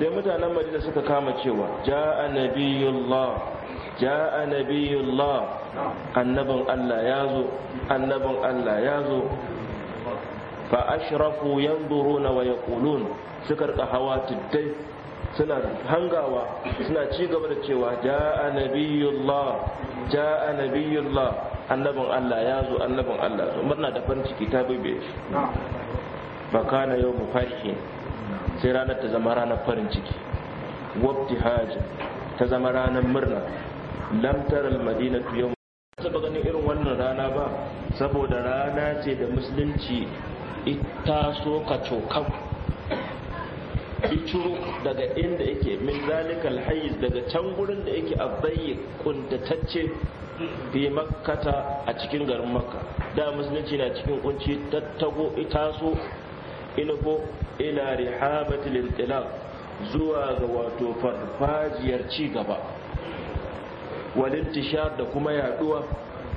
sai mutanen madina suka kama cewa ja'a nabiyullah ja'a nabiyullah annabin Allah ya zo annabin Allah ya zo fa ashrafu yanzuruna wa yaqulun suka rika hawa tuddai suna hangawa suna ci gaba da cewa ja'a nabiyullah ja'a nabiyullah annabin Allah ya zo annabin Allah zo murna da farin ciki ta bibe shi fa kana yawmu farhi sai ranar ta zama ranar farin ciki Haji ta zama ranar murna lam taral madinatu yau saboda ganin irin wannan rana ba saboda rana ce da musulunci ita so ka cokan iciro daga inda yake min zalikal hayyiz daga can gurin da yake abayyi kuntatacce bi makkata a cikin garin makka da musulunci na cikin kunci tattago itaso inugo ila rihabatil intilaq zuwa ga wato farfajiyar ci gaba walintishar da kuma yaduwa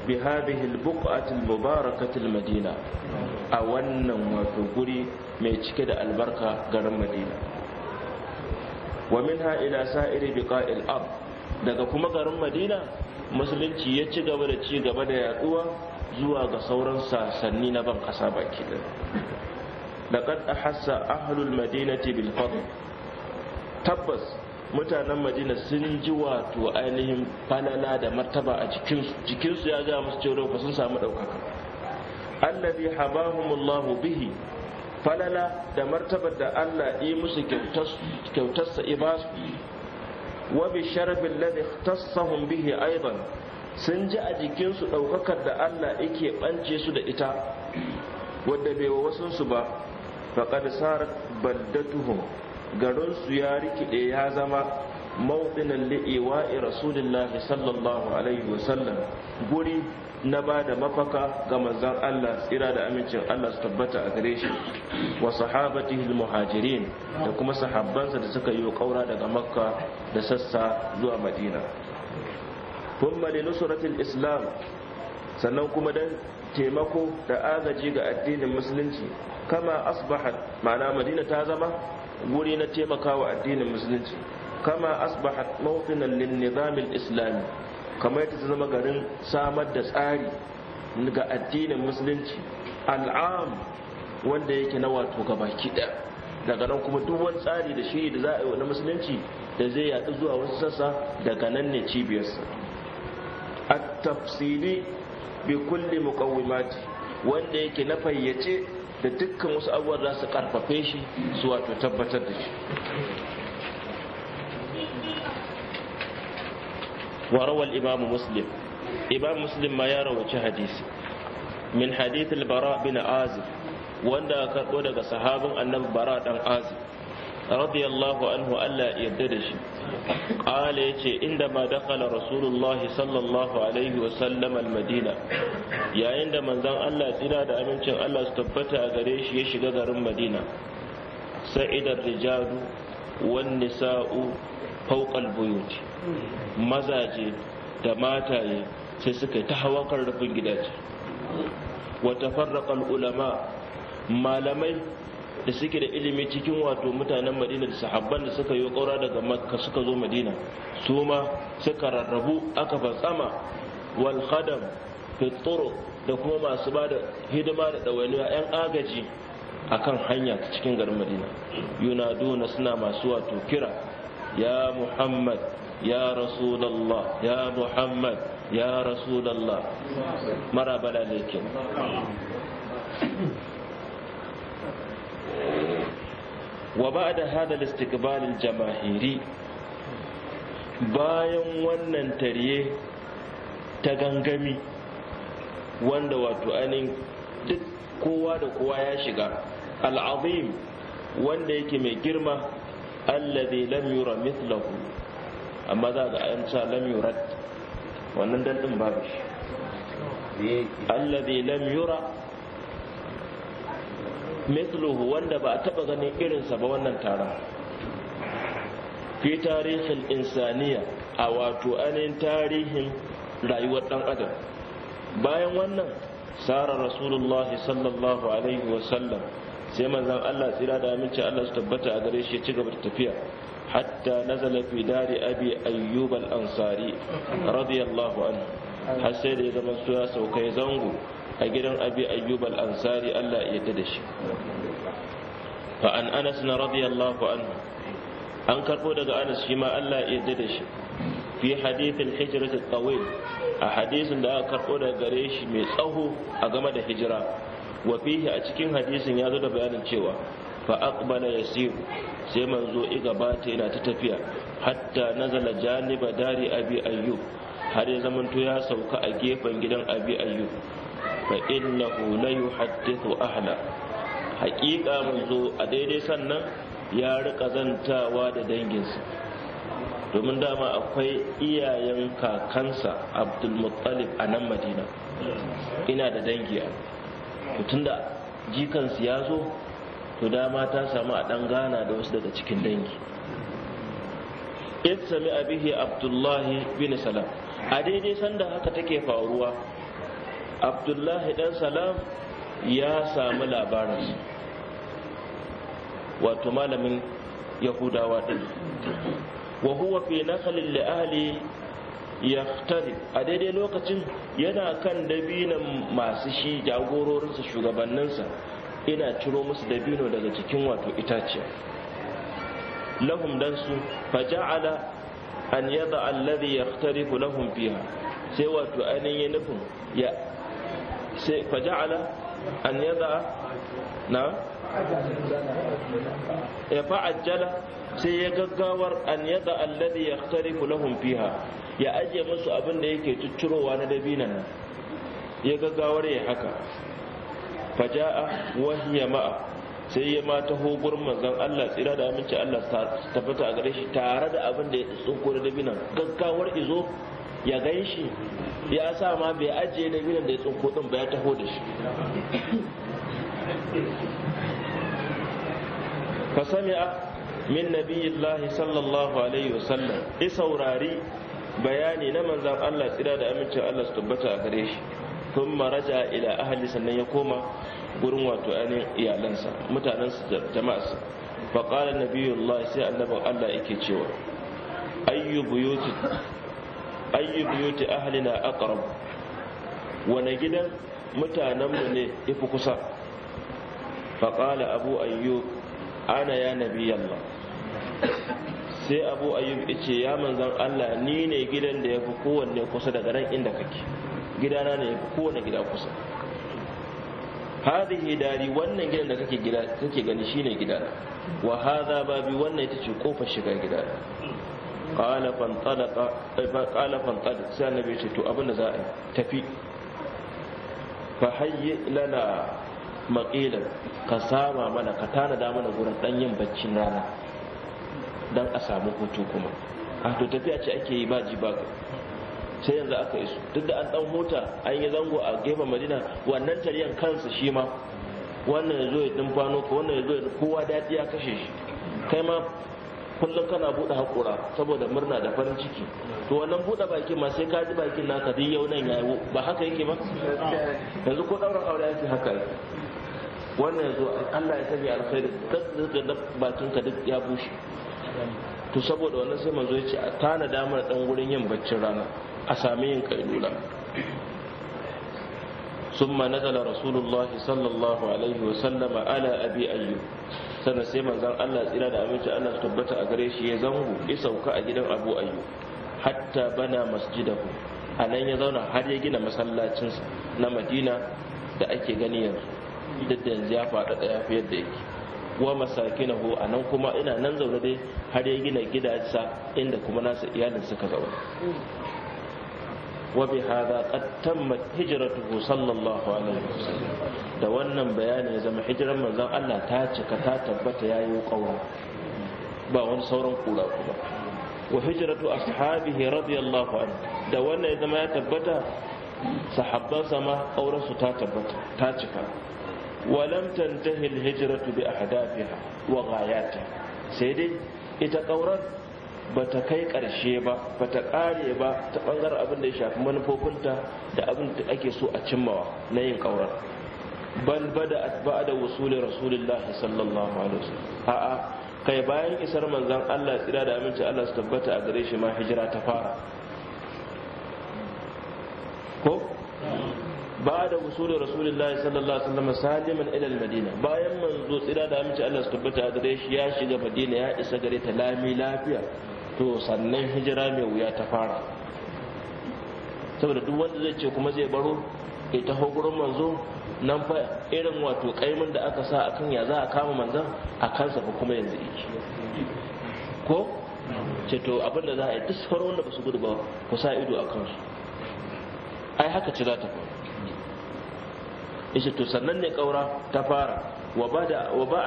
bi hadhihi albuqati almubarakati almadina a wannan wato guri mai cike da albarka garin madina wa minha ila sa'iri biqa'il ard daga kuma garin madina musulunci ya ci gaba da ci gaba da yaduwa zuwa ga sauran sasanni na ban kasa baki da laqad ahassa ahlul madinati bil tabbas mutanen madina sun ji wato ainihin falala da martaba a jikinsu jikinsu ya ga musu cewa ba sun samu ɗaukaka allazi habahumullahu bihi falala da martabar da Allah yi musu kyautarsa ibasu wa bi sharafin ladhi ikhtassahum bihi aidan sun ji a jikinsu ɗaukakar da Allah yake ɓance su da ita wadda bai wa su ba faqad sarat baddatuhum garinsu ya rikide ya zama mawdinan li'iwa'i rasulullahi sallallahu alaihi wasallam guri na ba da mafaka ga manzan Allah tsira da amincin Allah su tabbata a gare shi wa sahabatihi muhajirin da kuma sahabbansa da suka yi kaura daga makka da sassa zuwa madina kuma da nusratul islam sannan kuma dan taimako da agaji ga addinin musulunci kama asbahat ma'ana madina ta zama guri na taimakawa addinin musulunci kama asbahat mawfinan lin al islami kamar ta zama garin samar da tsari ga addinin musulunci al'am wanda yake na wato gabaki da daga nan kuma duk wani tsari da shiri da za a yi na musulunci da zai yaɗu zuwa wasu sassa daga nan ne cibiyarsa at tafsili bi kulli muqawwimati wanda yake na fayyace da dukkan wasu abubuwa za su karfafe shi su wato tabbatar da shi Imam Muslim, مسلم Muslim ma ya rawace hadisi, من حديث Bara bin عازب wanda aka karɓo daga sahabin annabi bara dan azib radiyallahu anhu Allah yarda da shi qala yace inda ma dakhala rasulullahi sallallahu alaihi wa sallam almadina yayin da manzon Allah tsira da amincin Allah su tabbata a gare shi ya shiga garin Madina sa'idar rijalu wan nisa'u fawqa albuyut mazaje da mataye sai suka yi ta hawa kan rufin gidaje wata farraƙar ulama malamai da suke da ilimi cikin wato mutanen madina da sahabban da suka yi kaura daga makka suka zo madina su ma suka rarrabu aka fatsama wal khadam da kuma masu ba da hidima da a 'yan agaji akan hanya ta cikin garin madina yunaduna suna masu wato kira ya muhammad ya rasulallah ya muhammad ya rasulallah mara balalekin wa ba'da hada al-istiqbal al-jamahiri bayan wannan tarye ta gangami wanda wato anin duk kowa da kowa ya shiga al'azim wanda yake mai girma allazi lam yura mithlahu amma za ga an sa lam yurat wannan dan din babu shi allazi lam yura mithluhu wanda ba a taba ganin irinsa ba wannan taron fi tarihin insaniya a wato anin tarihin rayuwar dan adam bayan wannan sara rasulullah sallallahu alaihi wasallam sai manzan Allah tsira da aminci Allah su tabbata a gare shi ya ci gaba da tafiya hatta nazala fi dari abi ayyub al-ansari radiyallahu anhu har sai da ya zama su ya saukai zango a gidan abi ayyub al-ansari Allah ya tada shi fa an anas na radiyallahu anhu an karbo daga anas shi ma Allah ya tada shi fi hadithin hijrat at-tawil a hadisin da aka karbo daga gare shi mai tsaho a game da hijira wa fihi a cikin hadisin ya zo da bayanin cewa fa aqbala yasir sai manzo iga bata yana ta tafiya hatta nazala janiba dari abi ayyub har ya zamanto ya sauka a gefen gidan abi ayyu fa innahu la yuhaddithu ahla mun zo a daidai sannan ya rika zantawa da danginsa domin dama akwai iyayen kakansa abdulmuttalib a nan madina ina da dangi a tunda jikansu ya zo to dama ta samu a ɗan gana da wasu daga cikin dangi sami abihi abdullahi bin salam a daidai sanda haka take faruwa abdullahi dan salam ya sami labarin wato malamin yahudawa din wa huwa fi nakhalin li ahli yaftari a daidai lokacin yana kan dabinan masu shi jagororinsa shugabanninsa ina ciro musu dabino daga cikin wato itaciya lahum dan su faja'ala an yada alladhi yaxtarifu lahum fiha sai wato ainihin nufin ya sai faja'ala an yada na ya fa'ajjala sai ya gaggawar an yada alladhi yaxtarifu lahum fiha ya ajiye musu abin da yake ciccirowa na dabinan ya gaggawar ya haka faja'a wahiya ma'a sai ya ma taho gurin manzon Allah tsira da aminci Allah ta tabbata a gare shi tare da abin da ya tsinko da dabinan gaggawar izo ya gan shi ya sa ma bai ajiye dabinan da ya tsinko din ba ya taho da shi fasami'a min nabiyillahi sallallahu alaihi wasallam i saurari bayani na manzon Allah tsira da aminci Allah su tabbata a gare shi thumma raja ila ahli sannan ya koma gurin wato ainihin iyalansa mutanensa da jama'arsa faƙalar Allah sai annabin allah yake cewa ayyu buyuti na aqrab wane gidan mutanenmu ne ifi kusa faƙala abu ayyub ana ya Allah sai abu ayyub ice ya manzan allah ni ne gidan da ya fi kowanne kusa daga nan inda kake gidana ne ya fi kowanne gida kusa hadhihi dari wannan gidan da kake gida kake gani shine gida wa hadha babi wannan ita ce kofar shiga gida qala fantalaqa qala fantaliq sai annabi ce to abinda da za a yi tafi fa hayyi lana maqila ka sama mana ka tanada mana gurin dan yin baccin rana dan a samu hutu kuma a to tafiya ce ake yi ba ji ba sai yanzu aka isu duk da an dan huta an yi zango a gefen madina wannan tariyan kansa shi ma wannan ya zo ya dimfano ka wannan ya zo ya kowa daɗi ya kashe shi kai ma kullum kana buɗe haƙura saboda murna da farin ciki to wannan buɗe bakin ma sai ka ji bakin naka din yau nan ya yi ba haka yake ba yanzu ko ɗaurin aure yake haka yake wannan ya zo Allah ya sani alkhairi da bakin ka duk ya bushe to saboda wannan sai manzo ya ce a tana damar dan gurin yin baccin rana a sami yin kailula sun ma nazala الله sallallahu alaihi عليه وسلم على ابي ايوب sannan sai manzan Allah tsira da aminci Allah su tabbata a gare shi ya zango ya sauka a gidan Abu ayyu hatta bana masjidahu a nan ya zauna har ya gina masallacin na Madina da ake gani yanzu duk da yanzu ya faɗa da yafi yadda yake wa masakinahu a nan kuma ina nan zaune dai har ya gina gidansa inda kuma nasa iyalin suka zaune وبهذا قد تمت هجرته صلى الله عليه وسلم da wannan bayani ya zama hijirar manzon Allah ta cika ta tabbata yayi kaura ba wani sauran kura kuma wa hijratu ashabihi radiyallahu anhu da wannan ya zama ya tabbata sahabban sama kaurar su ta tabbata ta cika walam tantahi alhijratu bi ahdafiha wa ghayatiha sai dai ita kaurar ba ta kai ƙarshe ba ba ta ƙare ba ta bangar abin da ya shafi manufofinta da abin da ake so a cimmawa na yin ƙaurar bal bada ba'da wusuli rasulillahi sallallahu alaihi wasallam a'a kai bayan isar manzon Allah tsira da aminci Allah su tabbata a gare shi ma hijira ta fara ko ba'da wusuli rasulillahi sallallahu alaihi wasallam saliman ila madina bayan manzo tsira da aminci Allah su tabbata a gare shi ya shiga madina ya isa gare ta lami lafiya to sannan hijira mai wuya ta fara saboda duk wanda zai ce kuma zai baro ita hukurin gurin manzo nan fa irin wato kaimin da aka sa akan ya za a kama manzan a kansa fa kuma yanzu iki ko ce to abinda za a yi duk sauran wanda ba su gudu ba ku sa ido a kansu ai haka ce za ta faru ishe to sannan ne kaura ta fara wa ba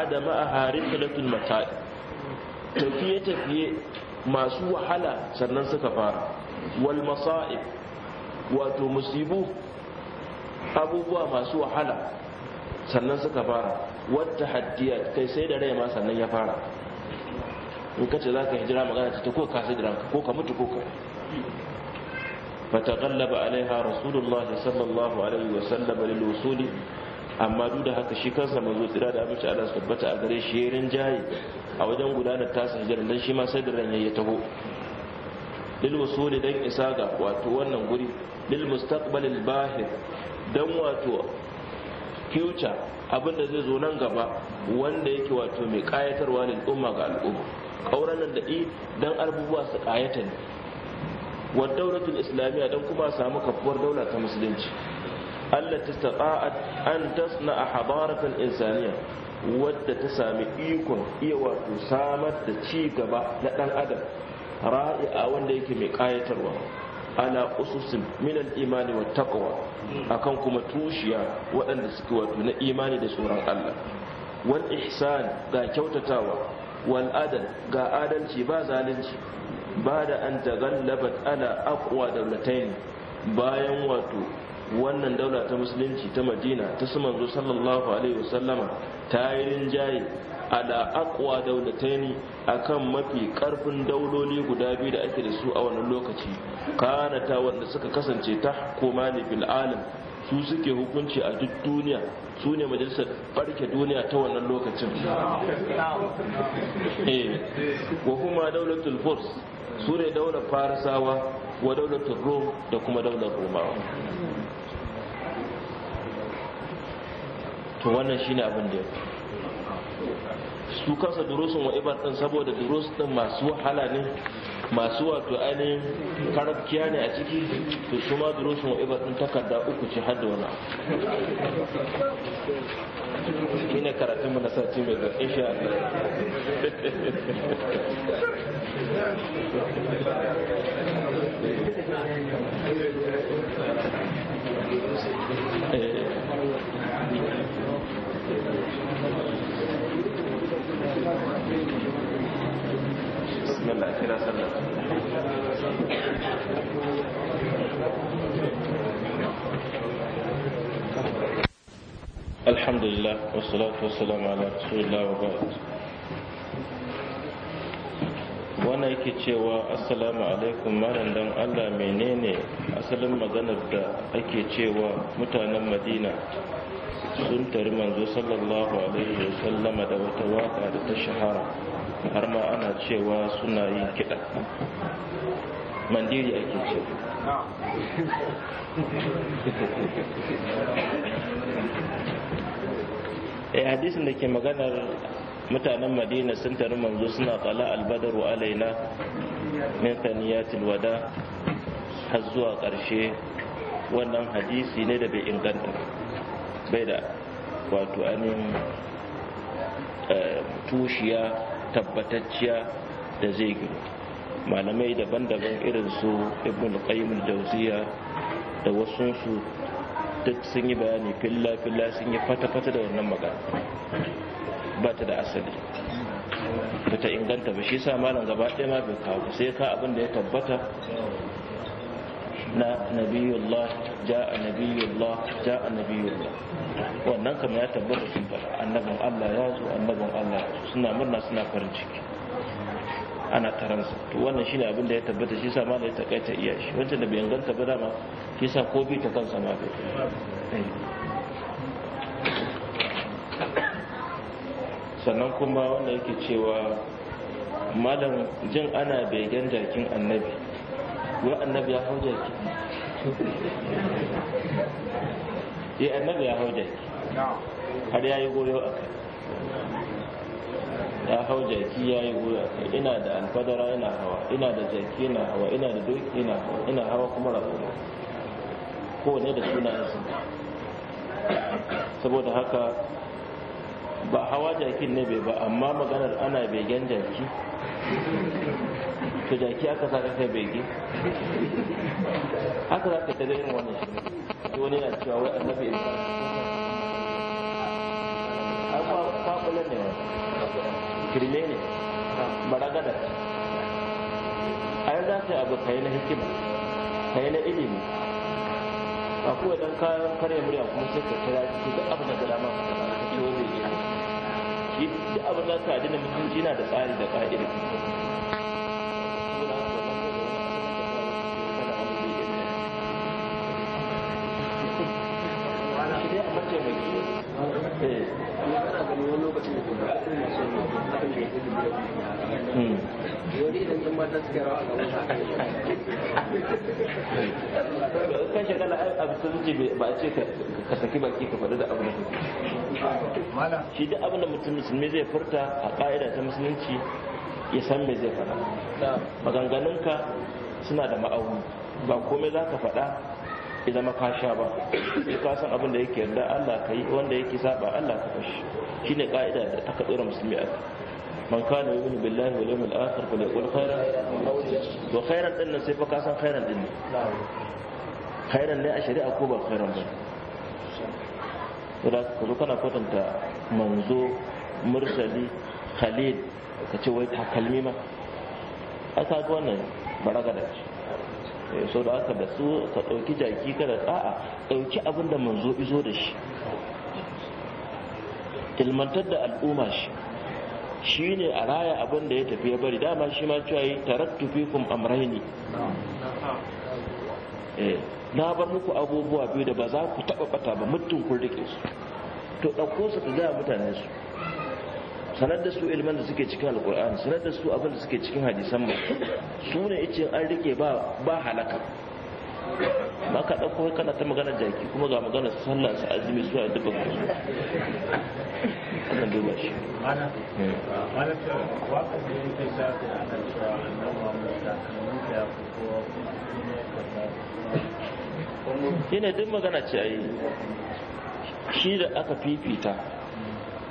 da ma'a harin filatul mata tafiye-tafiye masu wahala sannan suka fara wal masa'ib wato musibu abubuwa masu wahala sannan suka fara wata haddiya kai sai da rai ma sannan ya fara in kace za ka hijira magana ta ko ka sai ranka ko ka mutu ko ka fatagallaba alaiha rasulullahi sallallahu alaihi wasallam lil wusuli amma duk da haka shi kansa manzo tsira da abinci Allah su tabbata a gare shi yayin jayi a wajen gudanar tasa hijira dan shi ma sai da ran ya taho lil wasuli dan isa ga wato wannan guri lil mustaqbalil bahir dan wato future abinda zai zo nan gaba wanda yake wato mai kayatarwa ne umma ga al'umma kauran nan da i dan abubuwa su kayata ne wa daulatul islamiyya dan kuma samu kafuwar daula ta musulunci allati istata'at an tasna'a habaratan insaniya wadda ta sami ikon iya wato samar da ci gaba na dan adam a wanda yake mai kayatarwa ana ususin minan imani wa taqwa akan kuma tushiya waɗanda suke wato na imani da tsoron Allah wal ihsan ga kyautatawa wal adal ga adalci ba zalunci ba da an tagallabat ala aqwa dawlatain bayan wato wannan daula ta musulunci ta madina ta su manzo sallallahu alaihi wasallama ta yi rinjaye a ala aqwa a akan mafi karfin dauloli guda biyu da ake da su a wannan lokaci kana ta wanda suka kasance ta hukumani bil alam su suke hukunci a duk duniya su ne majalisar barke duniya ta wannan lokacin eh wa kuma daulatul furs su ne daular farisawa wa daulatul rum da kuma daular romawa to wannan shine abin da ya su kansa durusun wa ibar din saboda durus din masu wahala ne masu wato ainihin karabkiya ne a ciki to su ma durusun wa ibar din takarda uku ce har wani abu ne karatun mu na sati mai ga insha Allah eh. bismillah الحمد لله والصلاة والسلام على رسول الله وبعد wannan yake cewa assalamu alaikum malam dan Allah menene asalin maganar da ake cewa mutanen Madina sun tari manzo sallallahu alaihi wa sallama da wata waka da ta shahara har ma ana cewa suna yin kiɗa mandiri ake ce a eh, hadisin da ke maganar mutanen madina sun tari manzo suna tsala albadaru alaina min thaniyatil wada har zuwa ƙarshe wannan hadisi ne da bai inganta ba bai da wato ainihin eh, tushiya tabbatacciya da zai gina malamai daban-daban irin su ibn qayyim jauziya da wasunsu duk sun yi bayani filla-filla sun yi fata-fata da wannan magana ba ta da asali ba ta inganta ba shi sa malam gaba ɗaya ma bai kawo sai ka abin ya tabbata na nabiyullah ja'a nabiyullah ja'a nabiyullah wannan kamar ya tabbata sun fara annabin Allah ya zo annabin Allah suna murna suna farin ciki ana taransa to wannan shine abin da ya tabbata shi sa ma da ya takaita iya shi wancan da bai ganta ba dama shi sa ko bi ta kansa ma bai eh. sannan kuma wanda yake cewa malam jin ana begen jakin annabi wai annabi ya hau jaki eh annabi ya hau har ya yi goyo a kai ya hau jaki ya yi goyo a kai ina da alfadara ina hawa ina da jaki ina hawa ina da doki ina hawa ina hawa kuma rabuwa kowane da sunayensu saboda haka ba hawa jakin ne bai ba amma maganar ana begen jaki to jaki aka sa kai bege haka za ka ta ga irin wannan shi wani yana cewa wai annabi isa kwakwale ne wa kirme ne baragada ai za ka yi abu kai na hikima kai na ilimi ba kuwa dan kayan karya murya kuma sai ka kira shi da abu da dama ka ce wani bege shi duk abu da ka addinin mutunci yana da tsari da ka'ida Mm. wani idan yan mata suke rawa a gaban kan shekala ai abu sun ji ba a ce ka saki baki ka faɗi da abu da shi da abin mutum musulmi zai furta a musulunci ya san me zai faɗa maganganunka suna da ma'auni ba komai za ka faɗa ya zama kasha ba sai ka san abin da yake yarda Allah ka yi wanda yake saba Allah ka fashi shine ka'ida da aka dora musulmi a man kana yu'minu billahi wal yawmil akhir falyaqul khairan to khairan din nan sai fa ka san khairan din ne khairan ne a shari'a ko ba khairan ba to da ka zo kana kwatanta manzo mursali khalid ka ce wai takalmi ma a ka ga wannan baragada ce so da aka da su ka ɗauki jaki kada a'a ɗauki abinda manzo izo da shi ilmantar da al'umma shi shine a raya abin da ya tafi ya bari dama shi ma cewa yi taraktu fikum amraini eh, na bar muku abubuwa biyu da ba za ku taba bata ba mutum kun rike su to dauko su ta gaya mutane su sanar da su ilman da suke cikin alkur'ani sanar da su abin da suke cikin hadisan mu su ne icin an rike ba halaka ba ka ɗauko kana ta magana jaki kuma ga magana sallah su azumi su a duka ku ana duba shi yana duk magana ce a yi shi da aka fifita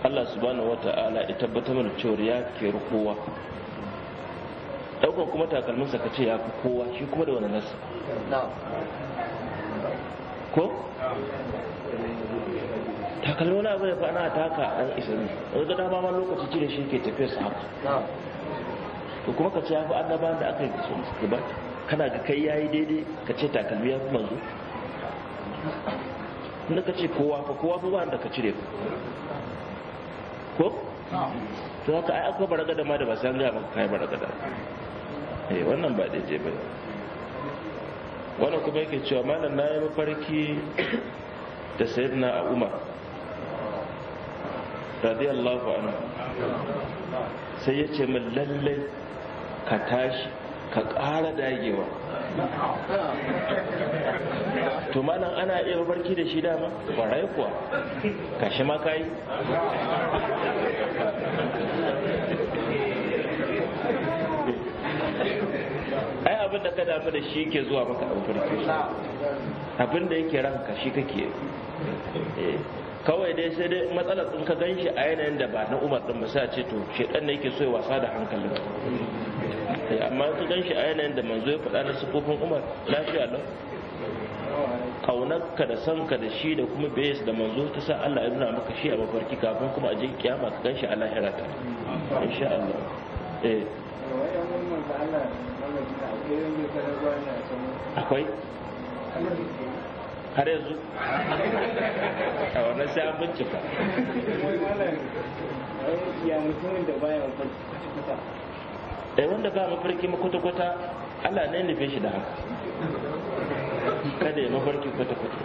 Allah subhanahu wa ta'ala ya tabbatar mana cewa ya kere kowa daukan kuma takalminsa sa kace ya fi kowa shi kuma da wani nasa ko takalmi wani abu da fa ana taka an isa ne wani ba ma lokaci cire shi ke tafiyar sa haka to kuma ka ce ya fi annaba da aka yi da su musu ba kana ga kai yayi daidai ka ce takalmi ya fi manzo na ka ce kowa fa kowa fa wanda ka cire ko to haka ai akwai da ma da ba san ga maka kai da eh wannan ba daidai ba wannan kuma yake cewa malam na yi mafarki da sayyidina a umar radiyallahu anhu sai ya ce min lallai ka tashi ka ƙara dagewa to malam ana iya mafarki da shi dama rai kuwa ka shi ma abin da ka damu da shi ke zuwa maka a mafarki abin da yake ranka shi kake eh, kawai dai sai dai matsalar sun ka ganshi a yanayin da ba na umar din ba sai ce to shedan ne yake so ya wasa da hankalin eh, amma sun ka ganshi a yanayin da manzo ya faɗa na sufofin umar lafiya lau kaunarka da sanka da shi da kuma bayas da manzo ta sa Allah ya nuna maka shi a mafarki kafin kuma a je kiyama ka ganshi a lahira ta insha Allah eh akwai har yanzu a wannan sai an bincika da eh, wanda ba mafarki kwata-kwata Allah ne nufin shi da haka kada ya mafarki kwata-kwata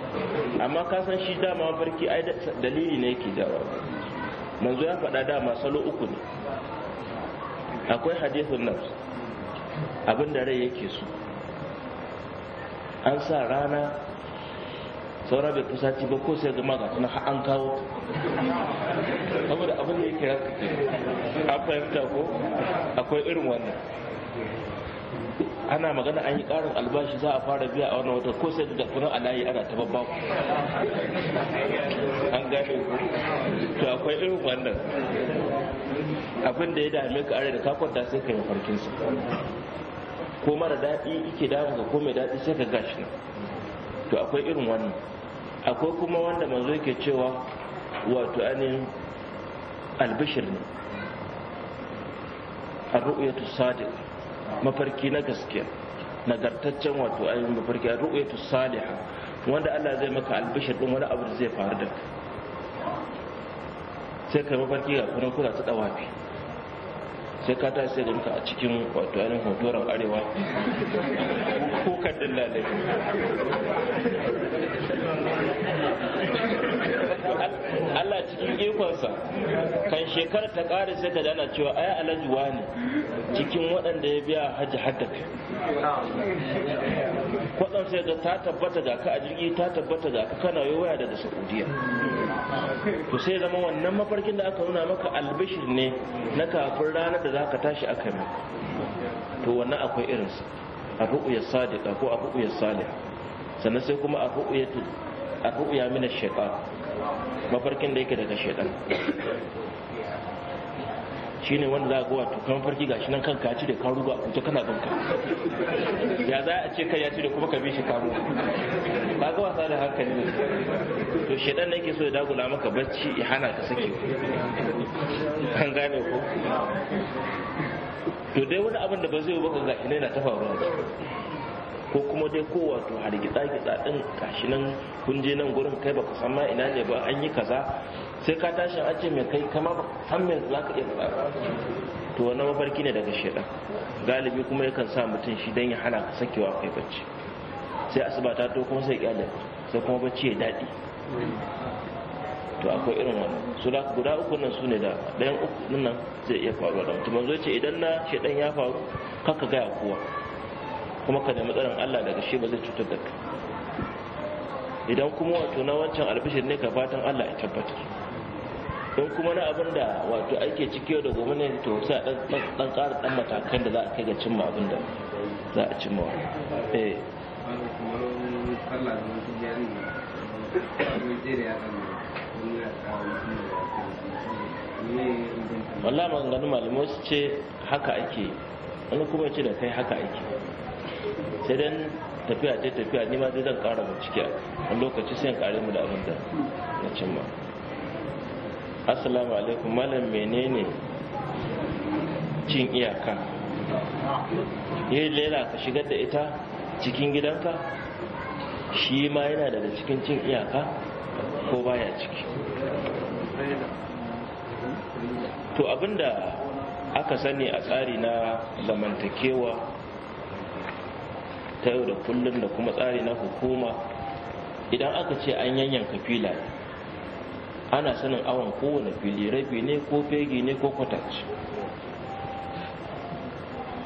amma ka san shi dama mafarki ai dalili ne yake jawa manzo ya faɗa dama salo uku ne akwai hadithun nafs abinda rai yake su, an sa rana saura bai kusa ba ko sai gama ga tuna an kawo saboda abinda yake raka ke an fahimta ko akwai irin wannan ana magana an yi karin albashi za a fara biya a wannan wata ko sai da kuna alayi ana ta babba an gane to akwai irin wannan abin da ya dame ka are da ka kwanta sai ka yi mafarkin su ko mara daɗi yake damu ka ko mai daɗi sai ka gashi to akwai irin wannan akwai kuma wanda manzo yake cewa wato anin albishir ne ar-ru'yatu sadiq mafarki na gaskiya nagartaccen wato ainihin mafarki ar-ru'yatu salihah wanda Allah zai maka albishir din wani abu zai faru da kai sai ka mafarki ga kuna kuna ta dawafi sai ka ta sai ganka a cikin wato ainihin hotoron arewa ko kaddin lalai Allah cikin ikonsa kan shekarar ta ƙare sai ka dana cewa ai alajuwa ne?" cikin waɗanda ya biya hajji hadda kai kwaɗan sai ga ta tabbata da ka a jirgi ta tabbata da ka kana yi waya daga saudiya to sai zama wannan mafarkin da aka nuna maka albishir ne na kafin ranar da za ka tashi aka yi to wannan akwai irinsa a ru'uyar sadiqa ko a ru'uyar salih sannan sai kuma a ru'uyar a mina shaitan mafarkin da yake daga shaidan shi ne wanda za a gowa to kamar farki gashi nan kanka ci da ka ga to kana banka ya za a ce kai ya ci da kuma ka bi shi kamo ba ga wasa da hankali ne to shedan ne yake so ya dagula maka bacci ya hana ka sake an gane ko to dai wani abin da ba zai yi baka ga ne na ta faruwa ko kuma dai ko wato a rigitsa gida din gashi nan kun je nan gurin kai baka san ma ina ne ba an yi kaza sai ka tashi an ce mai kai kama ba san me za ka iya faɗa to wannan mafarki ne daga shedan galibi kuma yakan sa mutum shi dan ya hana ka sakewa kai bacci sai asuba ta to kuma sai kyale sai kuma bacci ya daɗi to akwai irin wannan su da guda uku nan su ne da ɗayan uku nan zai iya faruwa da mutum manzo ce idan na shedan ya faru kaka gaya kowa kuma ka nemi tsarin Allah daga shi ba zai cutar da ka idan kuma wato na wancan albishir ne ka fatan Allah ya tabbata don kuma na abin da wato ake ciki yau da gobe ne to sai a dan ƙara dan matakan da za a kai ga cimma abin da za a cimma wa eh ma ganin malamai su ce haka ake wani kuma ce da kai haka ake sai dan tafiya ta tafiya ni ma dai zan mu bincike a lokaci sai kare mu da abin da na cimma assalamu alaikum malam menene cin iyaka yayin eh, lela ka shigar da ita cikin gidanka shi ma yana daga cikin cin iyaka ko baya ciki to abinda aka sani a tsari na zamantakewa ta yau da kullum da kuma tsari na hukuma idan aka ce an yanyanka fila ana sanin awon kowane fili rabi ne ko fegi ne ko kwataci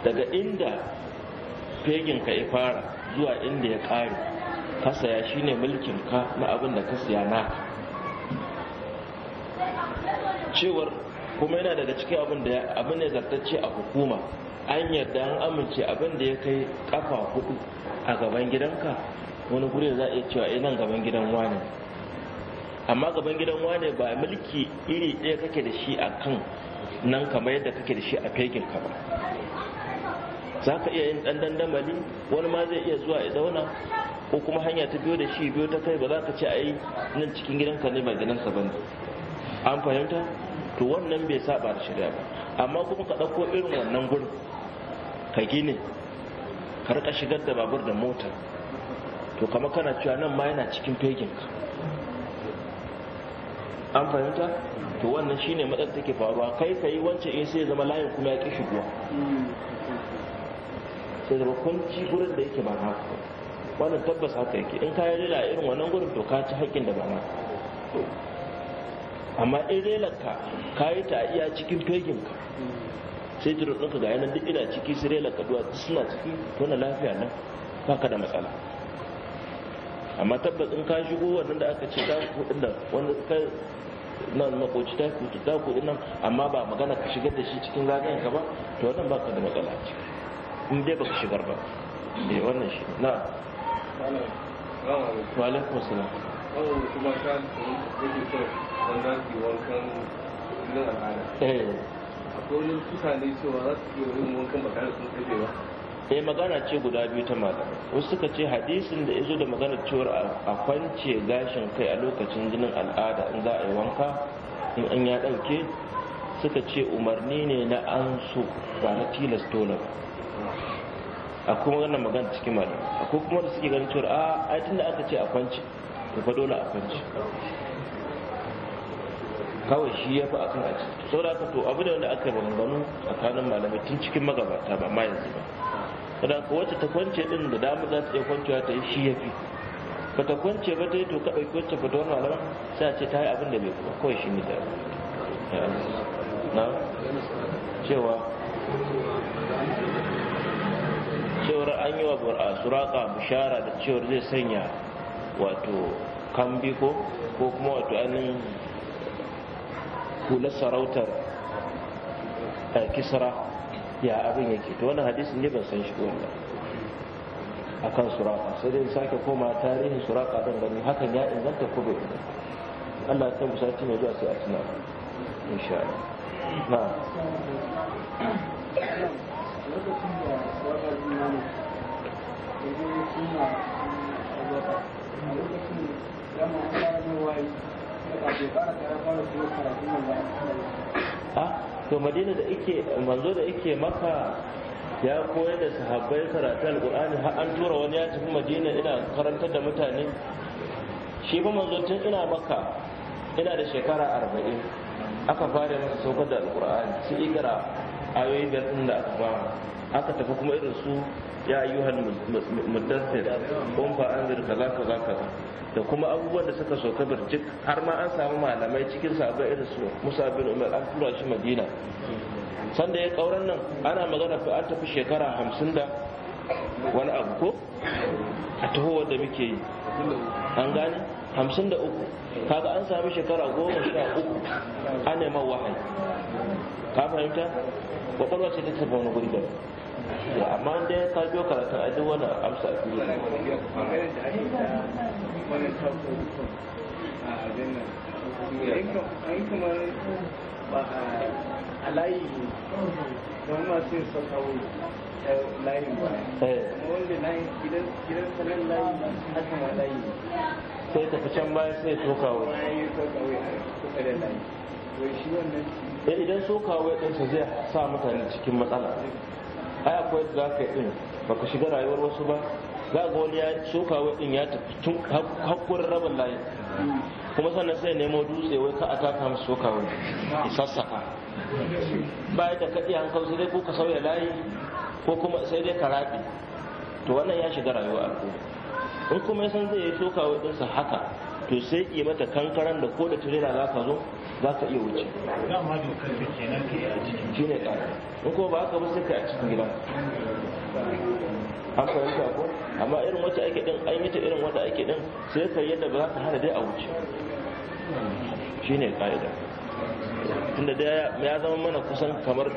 daga inda fegin ka ya fara zuwa inda ya ƙare ka saya ne mulkin ka na abin da ka saya naka cewar kuma yana daga cikin abin da abin ne zartacce a hukuma an yarda an amince abin da ya kai kafa hudu a gaban gidanka wani gure za a iya cewa eh, nan gaban gidan wane amma gaban gidan wane ba mulki iri ɗaya kake da shi a kan nan kamar yadda kake da shi a fegin ka ba za ka iya yin ɗan dandamali wani ma zai iya zuwa ya zauna ko kuma hanya ta biyo da shi biyo ta kai ba za ka ce a yi nan cikin gidanka ne ba gidansa ba ne an fahimta to wannan bai saba da shari'a ba amma kuma ka ɗauko irin wannan gurin ka gine ka rika shigar da babur da mota to kama kana cewa nan ma yana cikin fegin ka an fahimta to wannan shine matsar take faruwa kai ka yi wancan in eh, sai zama layin kuma ya ƙi shigowa sai zama kwanci gurin da yake ba na wannan tabbas haka yake in ka yi rila irin wannan gurin to ka ci haƙƙin da ba na amma in relarka ka yi ta iya cikin ka, sai tiro ɗinka ga yanar duk ina ciki sai relarka duwa suna ciki tona lafiya nan ba ka da matsala amma tabbas in ka shigo wannan da aka ce ta kudin nan wanda ka na makoci ta kuɗi ta nan amma ba magana ka shigar da shi cikin zagayen ka ba to wannan ba ka da matsala ciki in dai ba ka shigar ba ne eh, wannan shi na wa alaikum assalam kuma ta wanda wankan filin al'ada eh. akwai wani mutane cewa za su iya yin wankan ba tare sun kafe ba eh magana ce guda biyu ta magana. wasu suka ce hadisin da ya zo da maganar cewar a kwance gashin kai a lokacin jinin al'ada in za a yi wanka in an ya ɗauke suka ce umarni ne na an so ba na tilas dole ba a kuma wannan magana cikin malamai akwai kuma da suke ganin cewar a ah, ai da aka ce a kwance to fa dole a kwance kawai shi ya fi akan a so da aka haka to abu da wanda aka yi maganganu tsakanin malamai tun cikin magabata ba ma yanzu ba da aka wacce ta kwance din da damu za ta iya kwancewa ta yi shi ya fi ba ta kwance ba ta yi to ka ɗauki wacce ba ta sai a ce ta yi abin da bai kuma kawai shi ne da na cewa cewar an yi wa suraka bishara da cewar zai sanya wato kambi ko ko kuma wato ainihin hular sarautar kisra ya abin yake to wannan hadisin ne ban san shi wannan akan suraka sai dai sake koma tarihin suraka don gani hakan ya inganta kudu Allah ya tabbata sati mai zuwa sai a tuna insha Allah na to madina da ike manzo da ike maka ya koyar da sahabbai karatu alqur'ani har an tura wani ya tafi madina ina karantar da mutane shi ba manzo tun ina maka ina da shekara arba'in aka fara masa saukar da alkur'ani sai ikara ayoyi biyar din da aka fara aka tafi kuma irin su ya ayyuhan muddathir kun fa anzir kaza kaza kaza da kuma abubuwan da suka sauka birjik har ma an samu malamai cikin sabon irin su musa bin umar an tura shi madina sanda ya kauran nan ana magana fa an tafi shekara hamsin da wani abu ko a tahowar da muke yi an gane hamsin da uku kaga an sami shekara goma sha uku ana man wahayi ka fahimta kwakwalwa ce ta tafi wani guri daban amma da ya kajo karatun a duk wani amsa a fili a layi ba wanda layin gidan sanar layi haka ma layi sai tafi can bayan sai soka wai ya eh, idan soka wai ɗinsa zai sa mutane cikin matsala ai akwai da za ka yi baka shiga rayuwar wasu ba za ga wani ya soka wai ɗin ya tafi tun hakkurin rabin layi kuma sannan sai nemo dutse wai ka a kama soka wai ya sassaka bayan da kaɗi an kawo sai dai ko ka sauya layi ko kuma sai dai ka rabi to wannan ya shiga rayuwa al'umma in kuma san zai yi soka wa ɗinsa haka to sai yi mata kankaran da ko da tirela za ka zo za ka iya wuce shi ne in ko ba haka ba sai ka a cikin gida an fahimta ko amma irin wata ake ɗin an yi ta irin wata ake ɗin sai ka yadda ba za ka hana dai a wuce shi ne ƙa'ida tunda da ya zama mana kusan kamar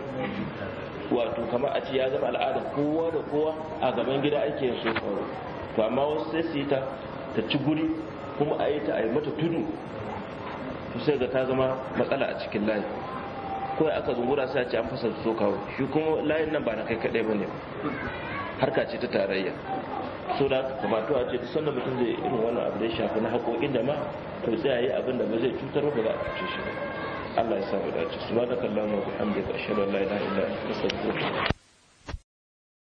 wato kamar a ce ya zama al'ada kowa da kowa a gaban gida ake yin sofaro to amma wasu sai su yi ta ta ci guri kuma a yi ta a yi mata tudu to sai ga ta zama matsala a cikin layi kawai aka zungura sai a ce an fasa so kawo shi kuma layin nan ba na kai kaɗai ba ne harka ce ta tarayya so da kamata a ce sannan mutum zai irin wannan abu da ya shafi na haƙoƙin da ma to a yi abin da ba zai cutar ba za a cuce shi Allah ya sa mu dace subhanakallahumma wa bihamdika ashhadu an la ilaha illa anta astaghfiruka